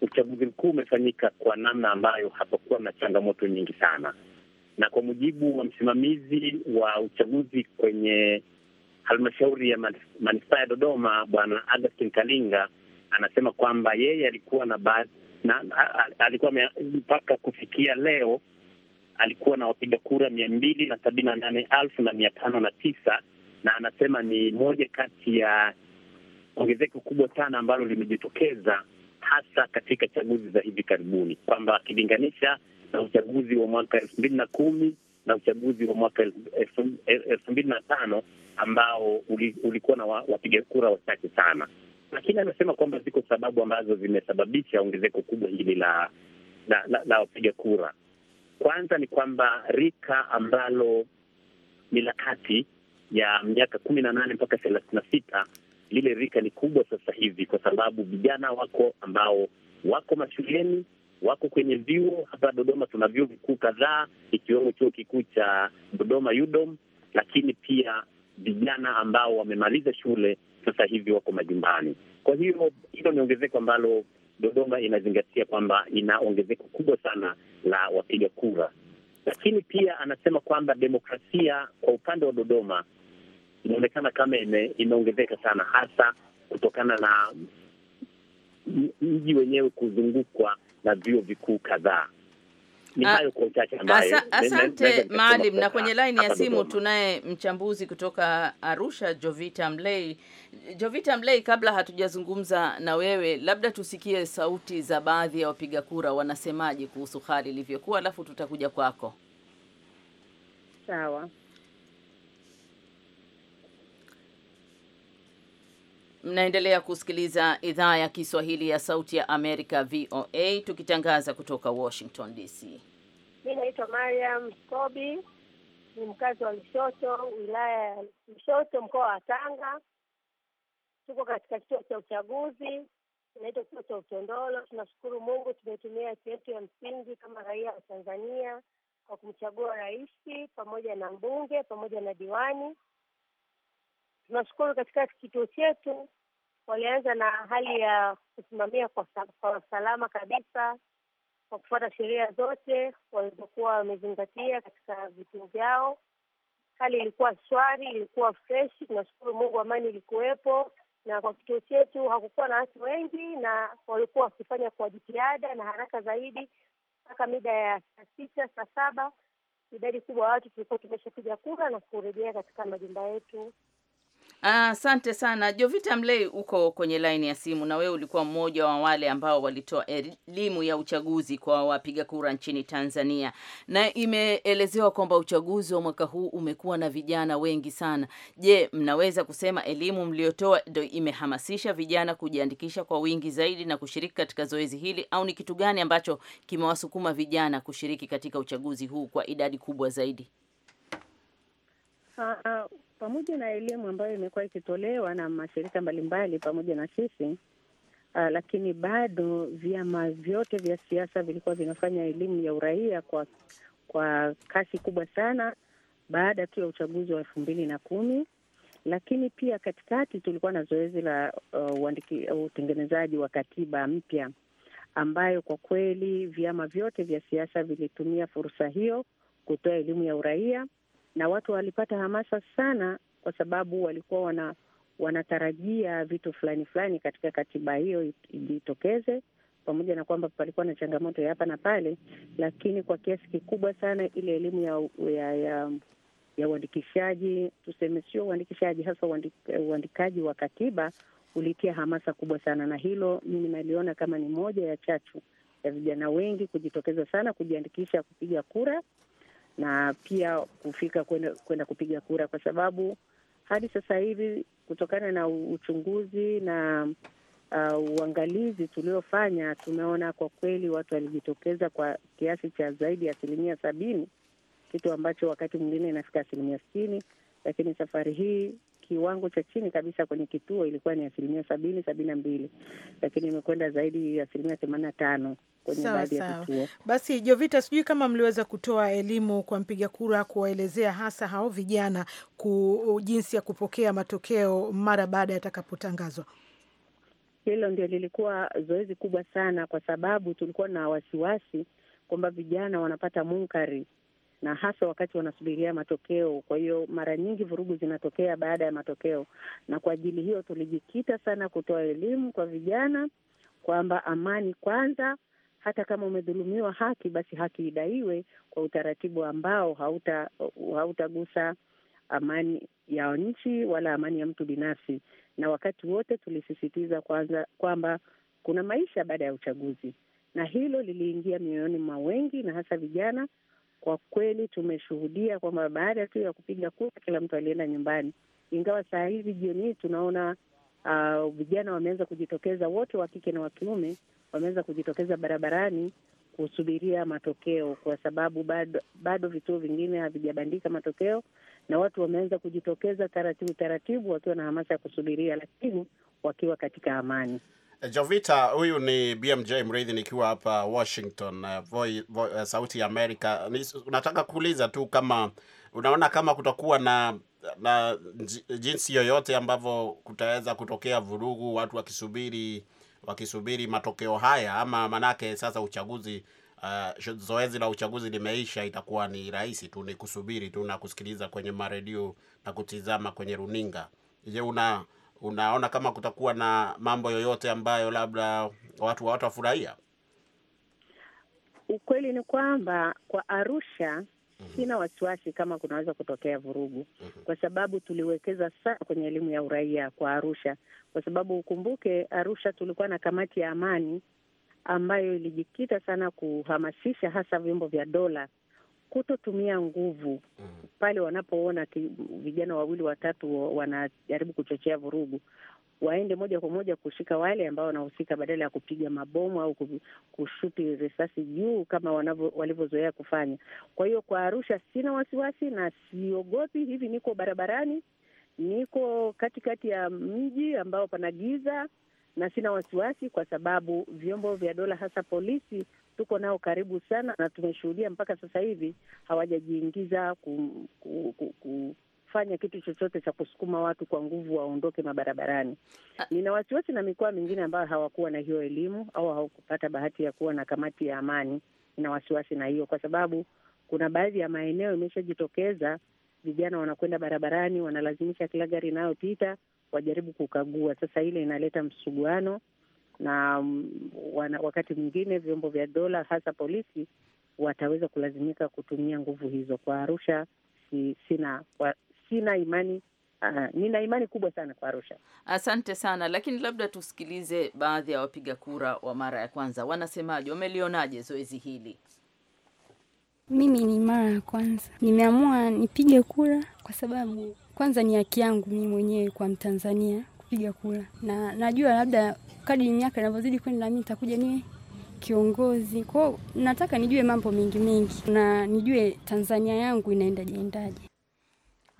uchaguzi mkuu umefanyika kwa namna ambayo hapakuwa na changamoto nyingi sana, na kwa mujibu wa msimamizi wa uchaguzi kwenye halmashauri ya manispaa ya Dodoma, Bwana Augustin Kalinga anasema kwamba yeye alikuwa na baadhi na alikuwa mpaka kufikia leo alikuwa na wapiga kura mia mbili na sabini na nane elfu na mia tano na tisa na anasema ni moja kati ya ongezeko kubwa sana ambalo limejitokeza hasa katika chaguzi za hivi karibuni, kwamba akilinganisha na uchaguzi wa mwaka elfu mbili na kumi na uchaguzi wa mwaka elfu mbili na tano ambao ulikuwa na wapiga kura wachache sana. Lakini anasema kwamba ziko sababu ambazo zimesababisha ongezeko kubwa hili la la, la, la wapiga kura. Kwanza ni kwamba rika ambalo ni la kati ya miaka kumi na nane mpaka thelathini na sita lile rika ni kubwa sasa hivi, kwa sababu vijana wako ambao wako mashuleni, wako kwenye vyuo. Hapa Dodoma tuna vyuo vikuu kadhaa, ikiwemo chuo kikuu cha Dodoma UDOM, lakini pia vijana ambao wamemaliza shule sasa hivi wako majumbani. Kwa hiyo hilo ni ongezeko ambalo Dodoma inazingatia kwamba ina ongezeko kubwa sana la wapiga kura, lakini pia anasema kwamba demokrasia kwa upande wa Dodoma inaonekana kama imeongezeka sana, hasa kutokana na mji wenyewe kuzungukwa na vyuo vikuu kadhaa ni ah, Asa, asante Maalim. Na kwenye laini ya simu tunaye mchambuzi kutoka Arusha, Jovita Mlei. Jovita Mlei, kabla hatujazungumza na wewe, labda tusikie sauti za baadhi ya wapiga kura wanasemaje kuhusu hali ilivyokuwa, alafu tutakuja kwako. Sawa. Mnaendelea kusikiliza idhaa ya Kiswahili ya Sauti ya Amerika, VOA, tukitangaza kutoka Washington DC. Mi naitwa Mariam Kobi, ni mkazi wa Lushoto, wilaya ya Lushoto, mkoa wa Tanga. Tuko katika kituo cha uchaguzi inaitwa kituo cha Utondolo. Tunashukuru Mungu tumetumia haki yetu ya msingi kama raia wa Tanzania kwa kumchagua rais pamoja na mbunge pamoja na diwani Tunashukuru katika kituo chetu walianza na hali ya kusimamia kwa, usalama kabisa kwa kufuata sheria zote walizokuwa wamezingatia katika vituo vyao. Hali ilikuwa shwari, ilikuwa freshi. Tunashukuru Mungu, amani ilikuwepo, na kwa kituo chetu hakukuwa na watu wengi, na walikuwa wakifanya kwa jitihada na haraka zaidi. Mpaka mida ya saa sita, saa saba, idadi kubwa ya watu tulikuwa tumeshapiga kura na kurejea katika majumba yetu. Asante ah, sana Jovita Mlei, uko kwenye laini ya simu, na wewe ulikuwa mmoja wa wale ambao walitoa elimu ya uchaguzi kwa wapiga kura nchini Tanzania, na imeelezewa kwamba uchaguzi wa mwaka huu umekuwa na vijana wengi sana. Je, mnaweza kusema elimu mliotoa ndo imehamasisha vijana kujiandikisha kwa wingi zaidi na kushiriki katika zoezi hili, au ni kitu gani ambacho kimewasukuma vijana kushiriki katika uchaguzi huu kwa idadi kubwa zaidi? uh, uh pamoja na elimu ambayo imekuwa ikitolewa na mashirika mbalimbali pamoja na sisi Uh, lakini bado vyama vyote vya siasa vilikuwa vinafanya elimu ya uraia kwa kwa kasi kubwa sana baada tu ya uchaguzi wa elfu mbili na kumi, lakini pia katikati tulikuwa na zoezi la uh, uh utengenezaji wa katiba mpya ambayo kwa kweli vyama vyote vya siasa vilitumia fursa hiyo kutoa elimu ya uraia na watu walipata hamasa sana, kwa sababu walikuwa wana wanatarajia vitu fulani fulani katika katiba hiyo ijitokeze, pamoja na kwamba palikuwa na changamoto ya hapa na pale, lakini kwa kiasi kikubwa sana ile elimu ya ya, ya, ya uandikishaji tuseme, sio uandikishaji hasa, uandikaji wa katiba ulitia hamasa kubwa sana, na hilo mimi naliona kama ni moja ya chachu ya vijana wengi kujitokeza sana kujiandikisha kupiga kura na pia kufika kwenda kupiga kura, kwa sababu hadi sasa hivi kutokana na uchunguzi na uh, uangalizi tuliofanya tumeona kwa kweli watu walijitokeza kwa kiasi cha zaidi ya asilimia sabini, kitu ambacho wakati mwingine inafika asilimia sitini, lakini safari hii kiwango cha chini kabisa kwenye kituo ilikuwa ni asilimia sabini sabini na mbili, lakini imekwenda zaidi ya asilimia themanini na tano kwenye baadhi ya vituo. Basi Jovita, sijui kama mliweza kutoa elimu kwa mpiga kura kuwaelezea hasa hao vijana ku jinsi ya kupokea matokeo mara baada yatakapotangazwa. Hilo ndio lilikuwa zoezi kubwa sana, kwa sababu tulikuwa na wasiwasi kwamba vijana wanapata munkari na hasa wakati wanasubiria matokeo. Kwa hiyo mara nyingi vurugu zinatokea baada ya matokeo, na kwa ajili hiyo tulijikita sana kutoa elimu kwa vijana kwamba amani kwanza, hata kama umedhulumiwa haki, basi haki idaiwe kwa utaratibu ambao hauta hautagusa amani ya nchi wala amani ya mtu binafsi. Na wakati wote tulisisitiza kwanza kwamba kuna maisha baada ya uchaguzi, na hilo liliingia mioyoni mwa wengi na hasa vijana. Kwa kweli tumeshuhudia kwamba baada tu ya kupiga kura kila mtu alienda nyumbani, ingawa saa hizi jioni hii tunaona uh, vijana wameanza kujitokeza wote wa kike na wa kiume wameweza kujitokeza barabarani kusubiria matokeo, kwa sababu bado, bado vituo vingine havijabandika matokeo, na watu wameanza kujitokeza taratibu taratibu, wakiwa na hamasa ya kusubiria, lakini wakiwa katika amani. Eh, Jovita, huyu ni BMJ Mridhi nikiwa hapa Washington, uh, eh, Voice, eh, Sauti ya Amerika. Unataka kuuliza tu kama unaona kama kutakuwa na na jinsi yoyote ambavyo kutaweza kutokea vurugu, watu wakisubiri wakisubiri matokeo haya, ama manake sasa uchaguzi uh, zoezi la uchaguzi limeisha, itakuwa ni rahisi tu ni kusubiri tu na kusikiliza kwenye maredio na kutizama kwenye runinga. Je, una unaona kama kutakuwa na mambo yoyote ambayo labda watu hawatafurahia? Ukweli ni kwamba kwa Arusha Mhm. Sina wasiwasi kama kunaweza kutokea vurugu mhm. kwa sababu tuliwekeza sana kwenye elimu ya uraia kwa Arusha, kwa sababu ukumbuke, Arusha tulikuwa na kamati ya amani ambayo ilijikita sana kuhamasisha hasa vyombo vya dola kutotumia nguvu mhm. pale wanapoona vijana wawili watatu wanajaribu kuchochea vurugu, waende moja kwa moja kushika wale ambao wanahusika badala ya kupiga mabomu au kushuti risasi juu kama walivyozoea kufanya. Kwa hiyo kwa Arusha sina wasiwasi na siogopi. Hivi niko barabarani, niko katikati ya mji ambao pana giza na sina wasiwasi kwa sababu vyombo vya dola hasa polisi tuko nao karibu sana, na tumeshuhudia mpaka sasa hivi hawajajiingiza ku, ku, ku, ku, kufanya kitu chochote cha kusukuma watu kwa nguvu waondoke mabarabarani. Ah. Nina wasiwasi na mikoa mingine ambayo hawakuwa na hiyo elimu au hawakupata bahati ya kuwa na kamati ya amani. Nina wasiwasi na hiyo kwa sababu kuna baadhi ya maeneo imeshajitokeza vijana wanakwenda barabarani, wanalazimisha kila gari inayopita wajaribu kukagua. Sasa ile inaleta msuguano na mm, wana, wakati mwingine vyombo vya dola hasa polisi wataweza kulazimika kutumia nguvu hizo. Kwa Arusha si, sina sina imani Uh, nina imani kubwa sana kwa Arusha. Asante sana, lakini labda tusikilize baadhi ya wapiga kura wa mara ya kwanza wanasemaje, wamelionaje zoezi hili? Mimi ni mara ya kwanza, nimeamua nipige kura kwa sababu kwanza ni haki yangu mimi mwenyewe kwa Mtanzania kupiga kura, na najua labda kadi miaka inavyozidi kwenda nami nitakuja niwe kiongozi kwao. Nataka nijue mambo mengi mengi na nijue Tanzania yangu inaendaje endaje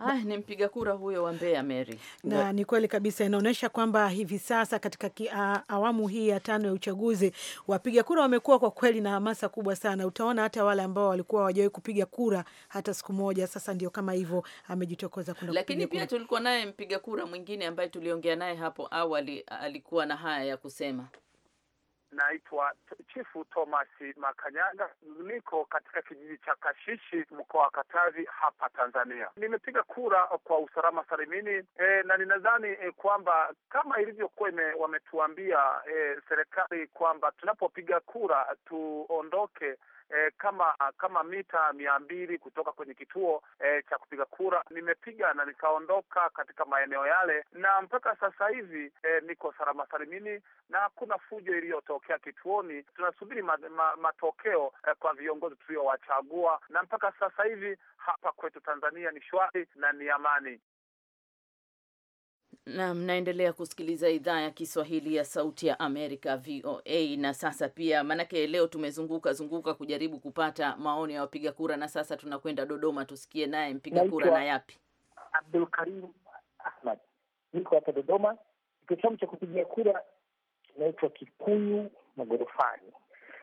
Ah, ni mpiga kura huyo wa Mbeya Mary. Na ni kweli kabisa inaonyesha kwamba hivi sasa katika ki, a, awamu hii ya tano ya uchaguzi wapiga kura wamekuwa kwa kweli na hamasa kubwa sana. Utaona hata wale ambao walikuwa hawajawahi kupiga kura hata siku moja sasa ndio kama hivyo amejitokeza kuna. Lakini pia tulikuwa naye mpiga kura mwingine ambaye tuliongea naye hapo awali alikuwa na haya ya kusema. Naitwa Chifu Thomas makanyaga niko katika kijiji cha Kashishi, mkoa wa Katavi, hapa Tanzania. Nimepiga kura kwa usalama salimini e, na ninadhani e, kwamba kama ilivyokuwa wametuambia e, serikali kwamba tunapopiga kura tuondoke eh, kama kama mita mia mbili kutoka kwenye kituo eh, cha kupiga kura. Nimepiga na nikaondoka katika maeneo yale, na mpaka sasa hivi eh, niko salama salimini na hakuna fujo iliyotokea kituoni. Tunasubiri ma, ma, matokeo eh, kwa viongozi tuliowachagua, na mpaka sasa hivi hapa kwetu Tanzania ni shwari na ni amani na mnaendelea kusikiliza idhaa ya Kiswahili ya Sauti ya Amerika, VOA. Na sasa pia, maanake leo tumezunguka zunguka kujaribu kupata maoni ya wapiga kura, na sasa tunakwenda Dodoma, tusikie naye mpiga kura na yapi. Abdul Karim Ahmad, niko hapa Dodoma. Kituo changu cha kupigia kura kinaitwa Kikuyu Magorofani.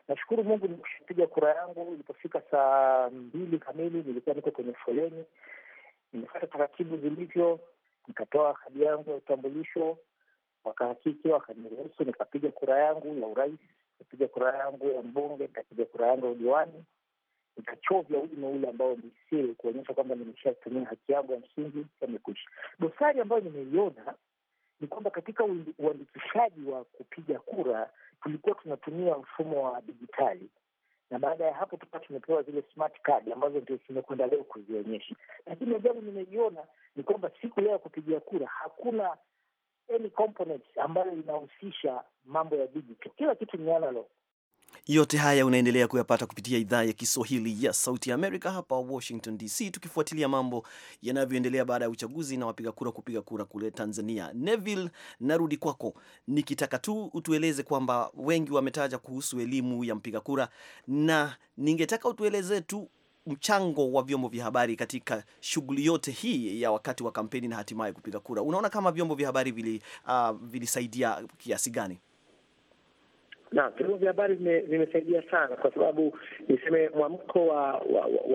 Nashukuru Mungu, nimeshapiga kura yangu. Ilipofika saa mbili kamili, nilikuwa niko kwenye foleni, nimefata taratibu zilivyo nikatoa kadi yangu ya utambulisho, wakahakiki, wakaniruhusu, nikapiga kura yangu ya urais, nikapiga kura yangu ya mbunge, nikapiga kura yangu ya udiwani, nikachovya ume ule ambao ni siri kuonyesha kwamba nimeshatumia haki yangu ya msingi, yamekwisha. Dosari ambayo nimeiona ni kwamba katika uandikishaji wa kupiga kura tulikuwa tunatumia mfumo wa dijitali na baada ya hapo tukawa tumepewa zile smart card ambazo ndio zimekwenda leo kuzionyesha, lakini ajabu nimejiona ni kwamba siku leo ya kupigia kura hakuna any components ambayo inahusisha mambo ya digital, kila kitu ni analog. Yote haya unaendelea kuyapata kupitia idhaa ya Kiswahili ya Sauti ya Amerika hapa Washington DC, tukifuatilia mambo yanavyoendelea baada ya uchaguzi na wapiga kura kupiga kura kule Tanzania. Neville, narudi kwako nikitaka tu utueleze kwamba wengi wametaja kuhusu elimu ya mpiga kura, na ningetaka utueleze tu mchango wa vyombo vya habari katika shughuli yote hii ya wakati wa kampeni na hatimaye kupiga kura, unaona kama vyombo vya habari vili, uh, vilisaidia kiasi gani? Na vyombo vya habari vimesaidia sana, kwa sababu niseme mwamko wa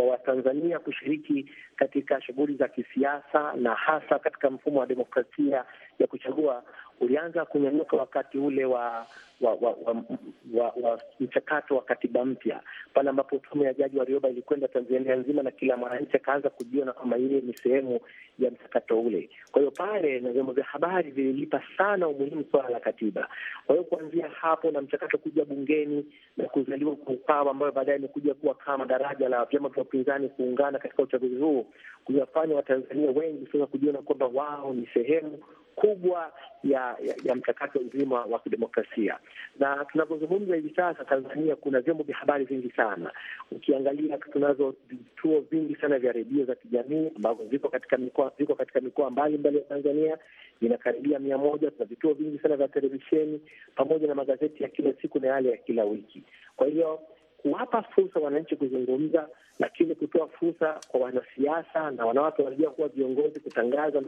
Watanzania wa, wa kushiriki katika shughuli za kisiasa na hasa katika mfumo wa demokrasia ya kuchagua ulianza kunyanyuka wakati ule wa wa, wa, wa, wa, wa mchakato wa katiba mpya pale ambapo tume ya Jaji Warioba ilikwenda Tanzania nzima na kila mwananchi akaanza kujiona kwamba yeye ni sehemu ya mchakato ule. Kwa hiyo pale na vyombo vya habari vililipa sana umuhimu swala la katiba. Kwa hiyo kuanzia hapo na mchakato kuja bungeni na kuzaliwa kwa Ukawa ambayo baadaye imekuja kuwa kama daraja la vyama vya upinzani kuungana katika uchaguzi huu kuwafanya Watanzania wengi sasa kujiona kwamba wao ni sehemu kubwa ya, ya, ya mchakato mzima wa kidemokrasia na tunavyozungumza hivi sasa Tanzania kuna vyombo vya habari vingi sana. Ukiangalia tunazo vituo vingi sana vya redio za kijamii ambavyo viko katika mikoa viko katika mikoa mbalimbali ya Tanzania vinakaribia mia moja. Tuna vituo vingi sana vya televisheni pamoja na magazeti ya kila siku na yale ya kila wiki. Kwa hiyo kuwapa fursa wananchi kuzungumza, lakini kutoa fursa kwa wanasiasa na wanawake wanajua kuwa viongozi kutangaza na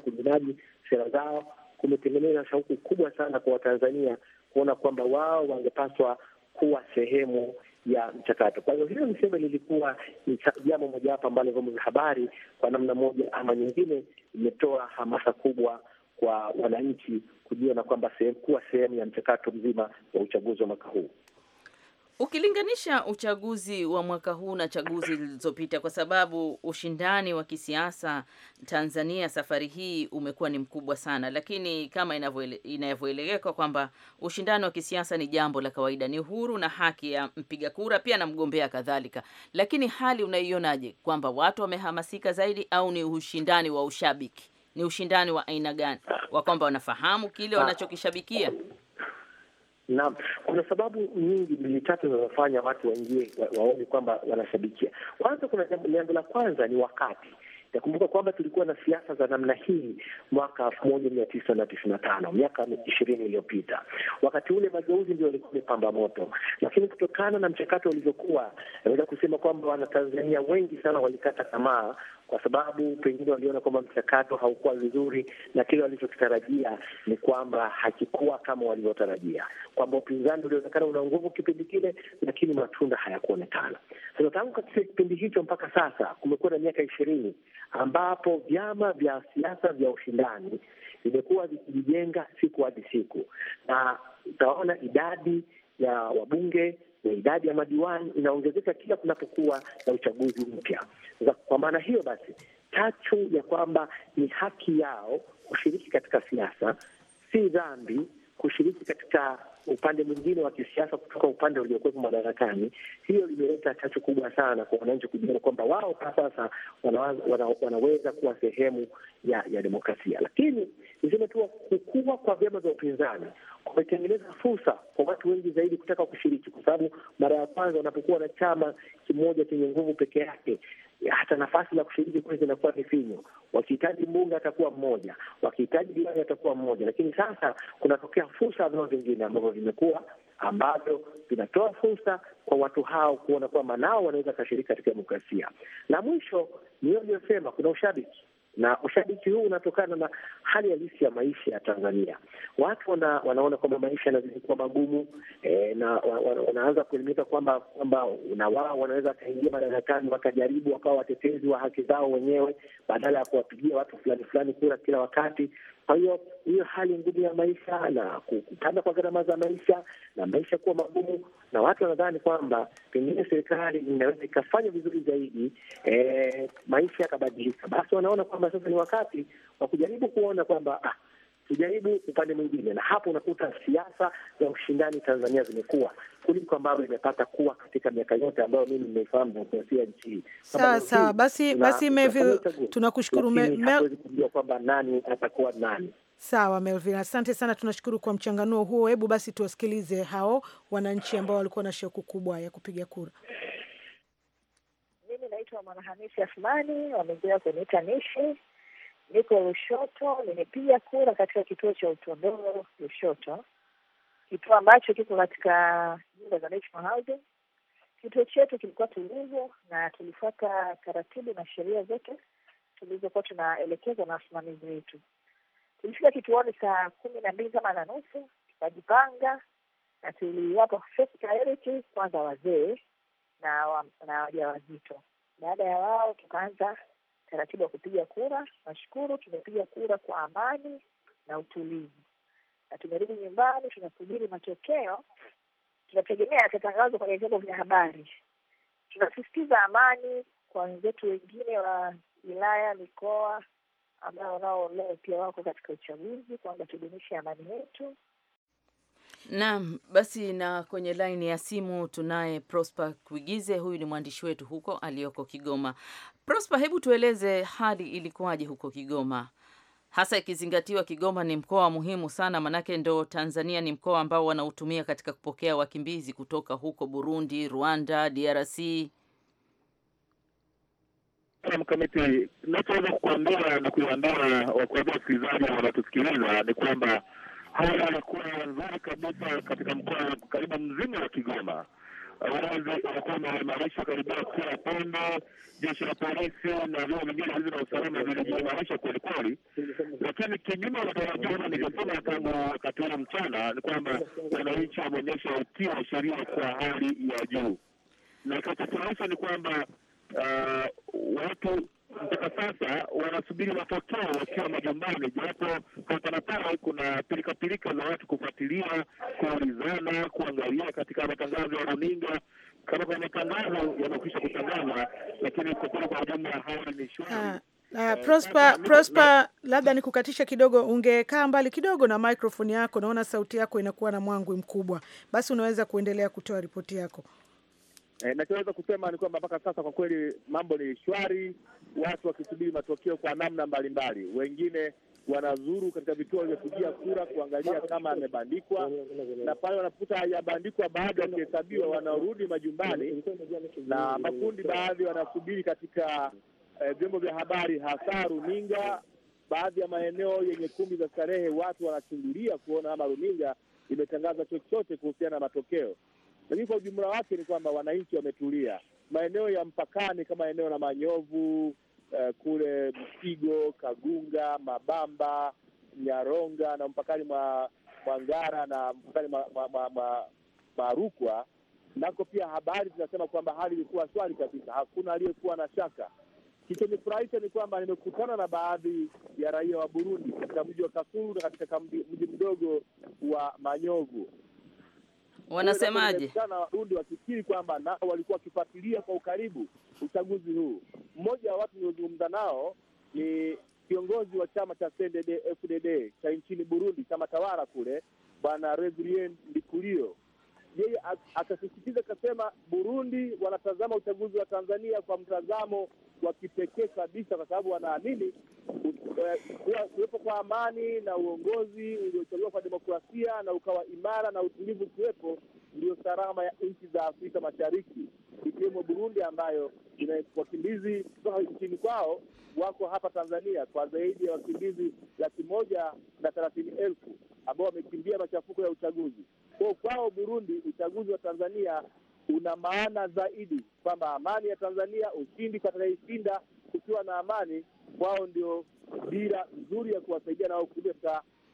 sera zao kumetengeneza shauku kubwa sana kwa Watanzania kuona kwamba wao wangepaswa kuwa sehemu ya mchakato. Kwa hiyo hilo niseme lilikuwa ni jambo mojawapo ambalo vyombo vya habari kwa namna moja ama nyingine imetoa hamasa kubwa kwa wananchi kujiona kwamba kuwa sehemu ya mchakato mzima wa uchaguzi wa mwaka huu. Ukilinganisha uchaguzi wa mwaka huu na chaguzi zilizopita, kwa sababu ushindani wa kisiasa Tanzania safari hii umekuwa ni mkubwa sana, lakini kama inavyoeleweka kwamba ushindani wa kisiasa ni jambo la kawaida, ni uhuru na haki ya mpiga kura pia na mgombea kadhalika. Lakini hali unaionaje, kwamba watu wamehamasika zaidi au ni ushindani wa ushabiki? Ni ushindani wa aina gani, wa kwamba wanafahamu kile wanachokishabikia? Naam, kuna sababu nyingi mbili tatu zinazofanya watu waingie waone kwamba wanashabikia. Kwanza, kuna jambo la kwanza ni wakati. Nakumbuka kwamba tulikuwa na siasa za namna hii mwaka elfu moja mia tisa na tisini na tano, miaka ishirini iliyopita. Wakati ule mageuzi ndio walikuwa amepamba moto, lakini kutokana na mchakato ulivyokuwa, naweza kusema kwamba Wanatanzania wengi sana walikata tamaa kwa sababu pengine waliona kwamba mchakato haukuwa vizuri, na kile walichokitarajia ni kwamba hakikuwa kama walivyotarajia, kwamba upinzani ulionekana una nguvu kipindi kile, lakini matunda hayakuonekana. Sasa tangu katika kipindi hicho mpaka sasa kumekuwa na miaka ishirini ambapo vyama vya siasa vya ushindani vimekuwa vikijijenga siku hadi siku, na utaona idadi ya wabunge na idadi ya madiwani inaongezeka kila kunapokuwa na uchaguzi mpya. Kwa maana hiyo basi, tatu ya kwamba ni haki yao kushiriki katika siasa, si dhambi kushiriki katika upande mwingine wa kisiasa kutoka upande uliokuwepo madarakani. Hiyo limeleta chachu kubwa sana kwa wananchi kujiona kwamba wao kwa sasa wana, wanaweza kuwa sehemu ya, ya demokrasia. Lakini niseme tu kukua kwa vyama vya upinzani kumetengeneza fursa kwa watu wengi zaidi kutaka kushiriki, kwa sababu mara ya kwanza wanapokuwa na chama kimoja chenye nguvu peke yake hata nafasi la kushiriki kule zinakuwa ni finyu. Wakihitaji mbunge atakuwa mmoja, wakihitaji diwani atakuwa mmoja, lakini sasa kunatokea fursa vinao vingine ambavyo vimekuwa ambavyo vinatoa fursa kwa watu hao kuona kwamba nao wanaweza wakashiriki katika demokrasia. La mwisho ni hiyo iliyosema, kuna ushabiki na ushabiki huu unatokana na hali halisi ya maisha ya Tanzania. Watu wana, wanaona kwamba maisha yanazidi kuwa magumu eh, na wanaanza kuelimika kwamba kwamba na wao wanaweza wakaingia madarakani wakajaribu wakawa watetezi wa haki zao wenyewe badala ya kuwapigia watu fulani fulani kura kila wakati. Kwa hiyo hiyo hali ngumu ya maisha na kupanda kwa gharama za maisha na maisha kuwa magumu, na watu wanadhani kwamba pengine serikali inaweza ikafanya vizuri zaidi, e, maisha yakabadilika. Basi wanaona kwamba sasa ni wakati wa kujaribu kuona kwamba ah, tujaribu upande mwingine, na hapo unakuta siasa za ushindani Tanzania zimekuwa kuliko ambavyo imepata kuwa katika miaka yote ambayo mimi nimeifahamu demokrasia nchi hii. Sawa sawa, basi basi, Melvin tunakushukuru. kujua kwamba nani atakuwa nani. Sawa Melvin, asante sana, tunashukuru kwa mchanganuo huo. Hebu basi tuwasikilize hao wananchi ambao walikuwa na shauku kubwa ya kupiga kura. Mimi naitwa Mwanahamisi Asmani, wameendelea kuniita Nishi niko Lushoto, nimepiga kura katika kituo cha Utondoro Lushoto, kituo ambacho kiko katika nyumba za National Housing. Kituo chetu kilikuwa tulivu na tulifuata taratibu na sheria zote tulizokuwa tunaelekezwa na wasimamizi wetu. Tulifika kituoni saa kumi na mbili kama na nusu, tukajipanga na tuliwapa first priority kwanza wazee na, na wajawazito. Baada ya wao tukaanza taratibu ya kupiga kura. Nashukuru tumepiga kura kwa amani na utulivu, na tumerudi nyumbani, tunasubiri matokeo, tunategemea yatatangazwa kwenye vyombo vya habari. Tunasisitiza amani kwa wenzetu wengine wa wilaya, mikoa ambao nao leo pia wako katika uchaguzi kwamba tudumishe amani yetu. Naam, basi na kwenye laini ya simu tunaye Prosper Kuigize, huyu ni mwandishi wetu huko aliyoko Kigoma. Prosper, hebu tueleze hali ilikuwaje huko Kigoma, hasa ikizingatiwa Kigoma ni mkoa muhimu sana, manake ndo Tanzania ni mkoa ambao wanautumia katika kupokea wakimbizi kutoka huko Burundi, Rwanda, DRC. Mkamiti, nachoweza kukuambia na kuambia wakuambia wasikilizaji wanatusikiliza ni kwamba hali ilikuwa nzuri kabisa katika mkoa karibu mzima wa Kigoma ulinzi ulikuwa umeimarishwa karibia kila pembe. Jeshi la polisi na vyombo vingine hivi na usalama vilijiimarisha kwelikweli, lakini kinyume na tarajia, nikasema kama wakati ule mchana, ni kwamba wananchi wameonyesha utii wa sheria kwa hali ya juu, na kinachotunaisha ni kwamba uh, watu mpaka sasa wanasubiri matokeo wakiwa majumbani, japo pale kuna pilikapilika za watu kufuatilia, kuulizana, kuangalia katika matangazo ya runinga kama kwa matangazo yamekwisha kutangazwa, lakini kutoka kwa ujumla hali ni shwari. Uh, Prosper, Prosper, labda nikukatisha kidogo, ungekaa mbali kidogo na microphone yako, naona sauti yako inakuwa na mwangwi mkubwa, basi unaweza kuendelea kutoa ripoti yako. E, nachoweza kusema ni kwamba mpaka sasa kwa kweli mambo ni shwari, watu wakisubiri matokeo kwa namna mbalimbali. Wengine wanazuru katika vituo vya kupigia kura kuangalia kama amebandikwa, na pale wanakuta hajabandikwa baada ya kuhesabiwa, wanarudi majumbani, na makundi baadhi wanasubiri katika eh, vyombo eh, vya habari hasa runinga. Baadhi ya maeneo yenye kumbi za starehe watu wanachungulia kuona ama runinga imetangaza chochote kuhusiana na matokeo. Lakini kwa ujumla wake ni kwamba wananchi wametulia maeneo ya mpakani kama eneo la Manyovu, uh, kule Msigo, Kagunga, Mabamba, Nyaronga na mpakani mwa Ngara na mpakani mwa, Rukwa nako pia habari zinasema kwamba hali ilikuwa swali kabisa, hakuna aliyekuwa na shaka. Kichonifurahisha ni kwamba nimekutana na baadhi ya raia wa Burundi katika mji wa Kasulu na katika mji mdogo wa Manyovu, wanasemaje? Vijana Warundi wakifikiri kwamba nao walikuwa wakifuatilia kwa ukaribu uchaguzi huu. Mmoja wa watu niliozungumza nao ni kiongozi wa chama cha CNDD-FDD cha nchini Burundi, chama tawala kule, Bwana Resilien Ndikulio yeye akasisitiza akasema, Burundi wanatazama uchaguzi wa Tanzania kwa mtazamo wa kipekee kabisa, kwa sababu wanaamini eh, kuwepo kwa amani na uongozi uliochaguliwa kwa demokrasia na ukawa imara na utulivu kuwepo ndiyo salama ya nchi za Afrika Mashariki ikiwemo Burundi ambayo ina wakimbizi kutoka nchini kwao wako hapa Tanzania kwa zaidi ya wakimbizi laki moja na thelathini elfu ambao wamekimbia machafuko ya uchaguzi. Kwa kwao Burundi, uchaguzi wa Tanzania una maana zaidi, kwamba amani ya Tanzania, ushindi katika atakayeshinda kukiwa na amani, kwao ndio dira nzuri ya kuwasaidia na wao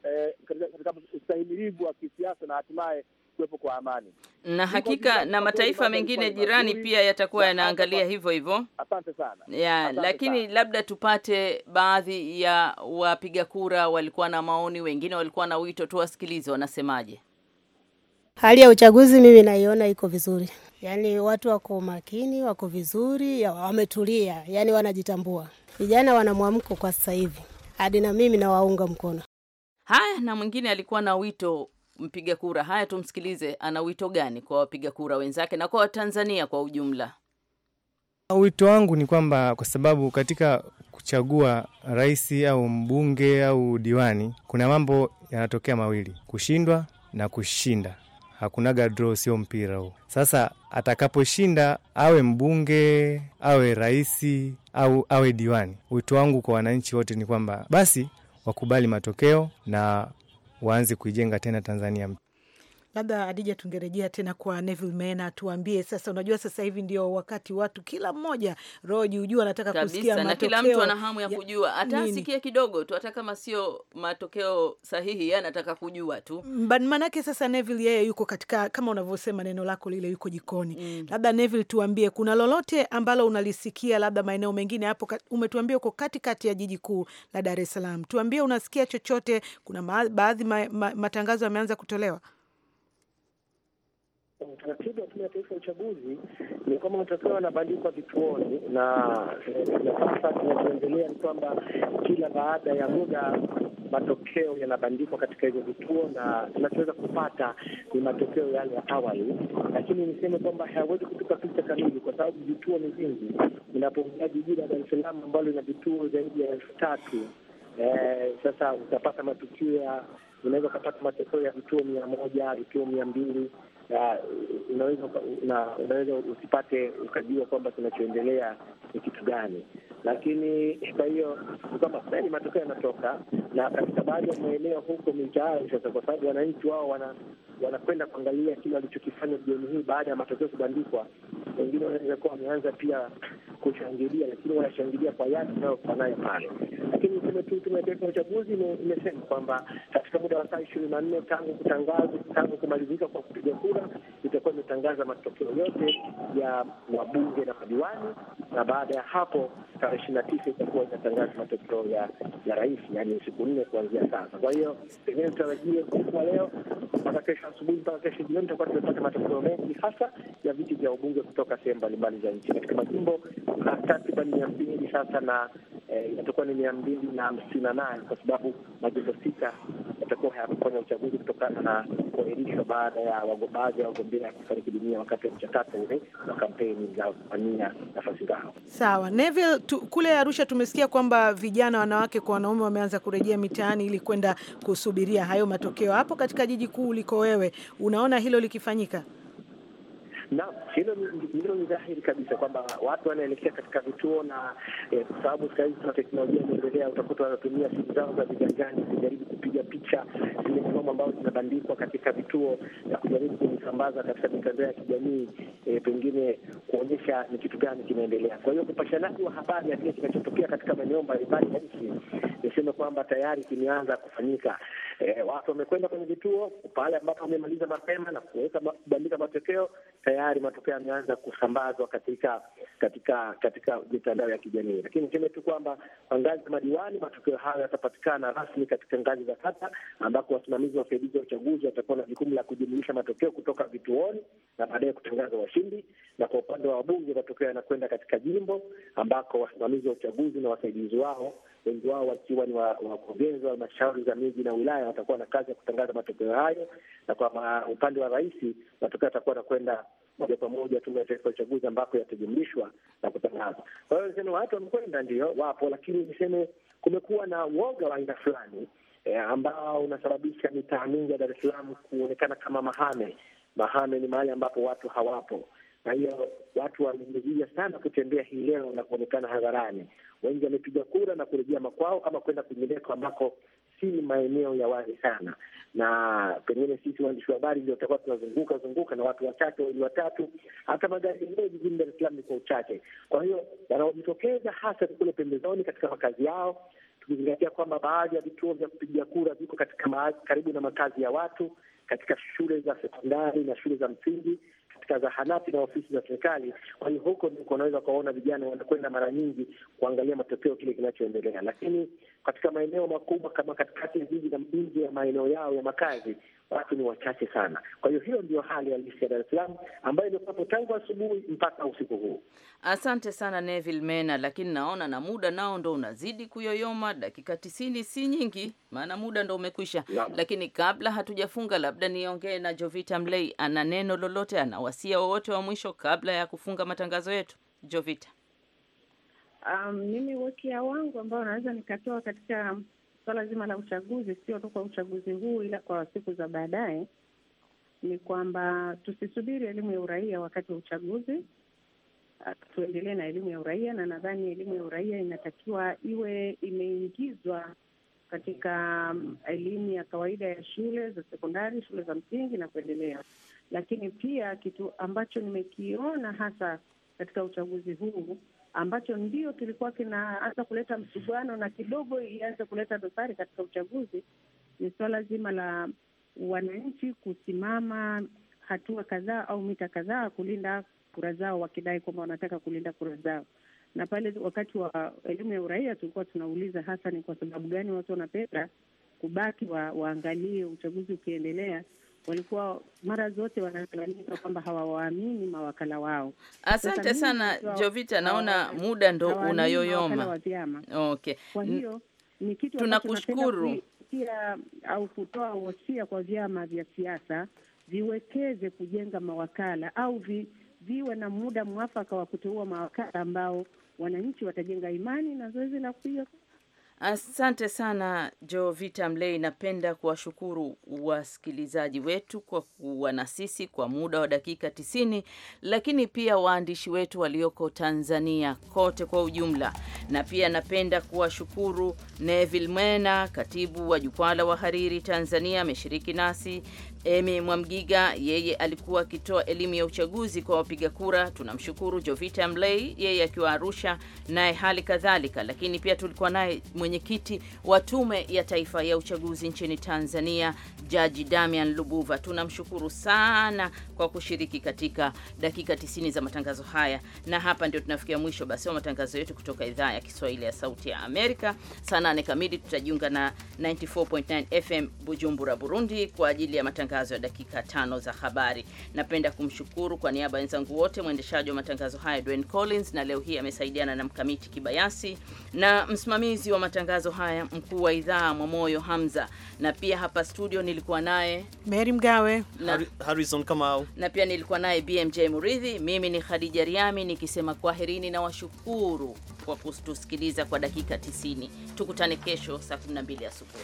eh, katika eh, katika ustahimilivu wa kisiasa na hatimaye kuwepo kwa amani na hakika na mataifa mengine jirani pia yatakuwa yanaangalia hivyo hivyo. Asante sana ya, lakini sana. Labda tupate baadhi ya wapiga kura walikuwa na maoni, wengine walikuwa na wito tu, wasikilize wanasemaje. Hali ya uchaguzi mimi naiona iko vizuri, yaani watu wako makini, wako vizuri, wametulia, yaani wanajitambua, vijana wana mwamko kwa sasa hivi, hadi na mimi nawaunga mkono. Haya, na mwingine alikuwa na wito mpiga kura. Haya, tumsikilize, ana wito gani kwa wapiga kura wenzake na kwa Watanzania kwa ujumla? Wito wangu ni kwamba kwa sababu katika kuchagua rais au mbunge au diwani kuna mambo yanatokea mawili, kushindwa na kushinda. Hakunaga draw, sio mpira huu. Sasa atakaposhinda awe mbunge awe rahisi au awe diwani, wito wangu kwa wananchi wote ni kwamba basi wakubali matokeo na waanze kuijenga tena Tanzania labda Adija, tungerejea tena kwa Neville Mena, tuambie sasa. Unajua sasa hivi ndio wakati watu kila mmoja roho juujuu anataka kusikia matokeo, na kila mtu ana hamu ya kujua, asikie kidogo tu, hata kama sio matokeo sahihi, yeye anataka kujua tu. Manake sasa Neville yeye yuko katika, kama unavyosema neno lako lile, yuko jikoni mm. Labda Neville, tuambie kuna lolote ambalo unalisikia labda maeneo mengine hapo, umetuambia uko katikati ya jiji kuu la Dar es Salaam, tuambie unasikia chochote, kuna baadhi ma, ma, matangazo yameanza kutolewa Utaratibu wa Tume ya Taifa ya Uchaguzi ni kwamba matokeo yanabandikwa vituoni, na eh, sasa kinachoendelea ni kwamba kila baada ya muda matokeo yanabandikwa katika hivyo vituo, na tunachoweza kupata ni matokeo yale ya awali, lakini niseme kwamba hayawezi kutupa picha kamili, kwa sababu vituo ni vingi. Unapoongea jiji la Dar es Salaam ambalo lina vituo zaidi ya elfu tatu eh, sasa utapata matukio ya unaweza ukapata matokeo ya vituo mia moja vituo mia mbili unaweza unaweza usipate ukajua kwamba kinachoendelea ni kitu gani, lakini kwa hiyo ni kwamba kweli matokeo yanatoka, na katika baadhi ya maeneo huko mitaani sasa, kwa sababu wananchi wao wana wanakwenda kuangalia kile walichokifanya jioni hii baada ya matokeo kubandikwa. Wengine wanaweza kuwa wameanza pia kushangilia, lakini wanashangilia kwa yale nayo pale. Lakini tume tu tume ya taifa ya uchaguzi imesema kwamba katika muda wa saa ishirini na nne tangu kutangazwa tangu kumalizika kwa kupiga kura sasa itakuwa imetangaza matokeo yote ya wabunge na madiwani, na baada ya hapo tarehe ishirini na tisa itakuwa inatangaza matokeo ya ya rais, yaani siku nne kuanzia sasa. Kwa hiyo pengine tutarajie kwa leo mpaka kesho asubuhi mpaka kesho jioni tutakuwa tumepata matokeo mengi hasa ya viti vya ubunge kutoka sehemu mbalimbali za nchi. Katika majimbo kuna takriban mia mbili sasa na itakuwa eh, ni mia mbili na hamsini na nane kwa sababu majimbo sita yatakuwa hayakufanya uchaguzi kutokana na kuahirishwa baada ya wagombea baadhi ya wagombea kufariki dunia wakati wa mchakato ule wa kampeni za kuwania nafasi zao. Sawa, Neville, tu, kule Arusha tumesikia kwamba vijana wanawake kwa wanaume wameanza kurejea mitaani ili kwenda kusubiria hayo matokeo. Hapo katika jiji kuu uliko wewe, unaona hilo likifanyika? Naam, hilo hilo ni dhahiri kabisa kwamba watu wanaelekea katika vituo na eh, kwa sababu sasa hizi tuna teknolojia inaendelea, utakuta wanatumia simu zao za viganjani kujaribu kupiga picha zile sanamu ambazo zinabandikwa katika vituo na kujaribu kuvisambaza katika mitandao ya kijamii eh, pengine kuonyesha ni kitu gani kinaendelea. Kwa hiyo upashanaji wa habari ya kile kinachotokea katika maeneo mbalimbali ya nchi, niseme kwamba tayari kimeanza kufanyika eh, watu wamekwenda kwenye vituo pale ambapo wamemaliza mapema na kuweza kubandika matokeo. Tayari matokeo yameanza kusambazwa katika katika katika mitandao ya kijamii, lakini niseme tu kwamba kwa ngazi za madiwani matokeo hayo yatapatikana rasmi katika ngazi za kata, ambako wasimamizi wa usaidizi wa uchaguzi watakuwa na jukumu la kujumulisha matokeo kutoka vituoni na baadaye kutangaza washindi, na kwa upande wa wabunge matokeo yanakwenda katika jimbo ambako wasimamizi wa uchaguzi na wasaidizi wao wengi wao wakiwa ni wakurugenzi wa halmashauri za miji na wilaya, watakuwa na kazi ya kutangaza matokeo hayo, na kwa upande wa rais, matokeo yatakuwa yanakwenda moja kwa moja Tume ya Taifa ya Uchaguzi ambapo yatajumlishwa na kutangazwa. Kwa hiyo niseme watu wamekwenda, ndio wapo, lakini niseme kumekuwa na uoga wa aina fulani e, ambao unasababisha mitaa mingi ya Dar es Salaam kuonekana kama mahame. Mahame ni mahali ambapo watu hawapo kwa hiyo watu wamezuia sana kutembea hii leo na kuonekana hadharani. Wengi wamepiga kura na kurejea makwao ama kwenda kwingineko ambako si maeneo ya wazi sana, na pengine sisi waandishi wa habari ndio tutakuwa tunazunguka zunguka na watu wachache wawili watatu. Hata magari yenyewe jijini Dar es Salaam ni kwa uchache. Kwa hiyo wanaojitokeza hasa ni kule pembezoni katika makazi yao, tukizingatia kwamba baadhi ya vituo vya kupiga kura viko katika karibu na makazi ya watu, katika shule za sekondari na shule za msingi katika zahanati na ofisi za serikali. Kwa hiyo huko ndiko unaweza kuwaona vijana wanakwenda mara nyingi kuangalia matokeo kile kinachoendelea, lakini katika maeneo makubwa kama katikati ya jiji na nje ya maeneo yao ya makazi watu ni wachache sana. Kwa hiyo hiyo ndio hali halisi ya Dar es Salaam ambayo ilikuwapo tangu asubuhi mpaka usiku huu. Asante sana Neville Mena, lakini naona na muda nao ndo unazidi kuyoyoma. Dakika tisini si nyingi, maana muda ndo umekwisha. Lakini kabla hatujafunga, labda niongee na Jovita Mlei, ana neno lolote, ana wasia wowote wa mwisho kabla ya kufunga matangazo yetu? Jovita. Um, mimi wakia wangu ambao naweza nikatoa katika Swala so zima la uchaguzi, sio tu kwa uchaguzi huu, ila kwa siku za baadaye, ni kwamba tusisubiri elimu ya uraia wakati wa uchaguzi, ah, tuendelee na elimu ya uraia, na nadhani elimu ya uraia inatakiwa iwe imeingizwa katika mm, elimu ya kawaida ya shule za sekondari, shule za msingi na kuendelea. Lakini pia kitu ambacho nimekiona hasa katika uchaguzi huu ambacho ndio kilikuwa kinaanza kuleta msuguano na kidogo ianze kuleta dosari katika uchaguzi, ni suala zima la wananchi kusimama hatua kadhaa au mita kadhaa kulinda kura zao, wakidai kwamba wanataka kulinda kura zao. Na pale wakati wa elimu ya uraia tulikuwa tunauliza hasa ni kwa sababu gani watu wanapenda kubaki wa, waangalie uchaguzi ukiendelea walikuwa mara zote wanalalamika kwamba hawawaamini mawakala wao. Asante sana Jovita, naona muda ndo unayoyoma. Okay, kwa hiyo ni kitu tunakushukuru pia, au kutoa wosia kwa vyama vya siasa viwekeze kujenga mawakala au vi, viwe na muda mwafaka wa kuteua mawakala ambao wananchi watajenga imani na zoezi la kupiga Asante sana Jovita Mlei. Napenda kuwashukuru wasikilizaji wetu kwa kuwa na sisi kwa muda wa dakika tisini, lakini pia waandishi wetu walioko Tanzania kote kwa ujumla. Na pia napenda kuwashukuru Neville Mwena, katibu wa jukwaa la wahariri Tanzania, ameshiriki nasi Emi Mwamgiga yeye alikuwa akitoa elimu ya uchaguzi kwa wapiga kura. Tunamshukuru Jovita Mlei yeye akiwa Arusha naye hali kadhalika, lakini pia tulikuwa naye mwenyekiti wa Tume ya Taifa ya Uchaguzi nchini Tanzania, Jaji Damian Lubuva. Tunamshukuru sana kwa kushiriki katika dakika 90 za matangazo haya, na hapa ndio tunafikia mwisho basi wa matangazo yetu kutoka idhaa ya Kiswahili ya Sauti ya Amerika. Saa nane kamili tutajiunga na 94.9 FM Bujumbura, Burundi kwa ajili ya matangazo matangazo ya dakika tano za habari. Napenda kumshukuru kwa niaba ya wenzangu wote mwendeshaji wa matangazo haya Dwayne Collins, na leo hii amesaidiana na mkamiti Kibayasi na msimamizi wa matangazo haya mkuu wa idhaa Mwamoyo Hamza, na pia hapa studio nilikuwa naye Mary Mgawe na Harrison Kamau, na pia nilikuwa naye BMJ Muridhi. Mimi ni Khadija Riami nikisema kwaherini na washukuru kwa kutusikiliza kwa dakika 90. Tukutane kesho saa 12 asubuhi.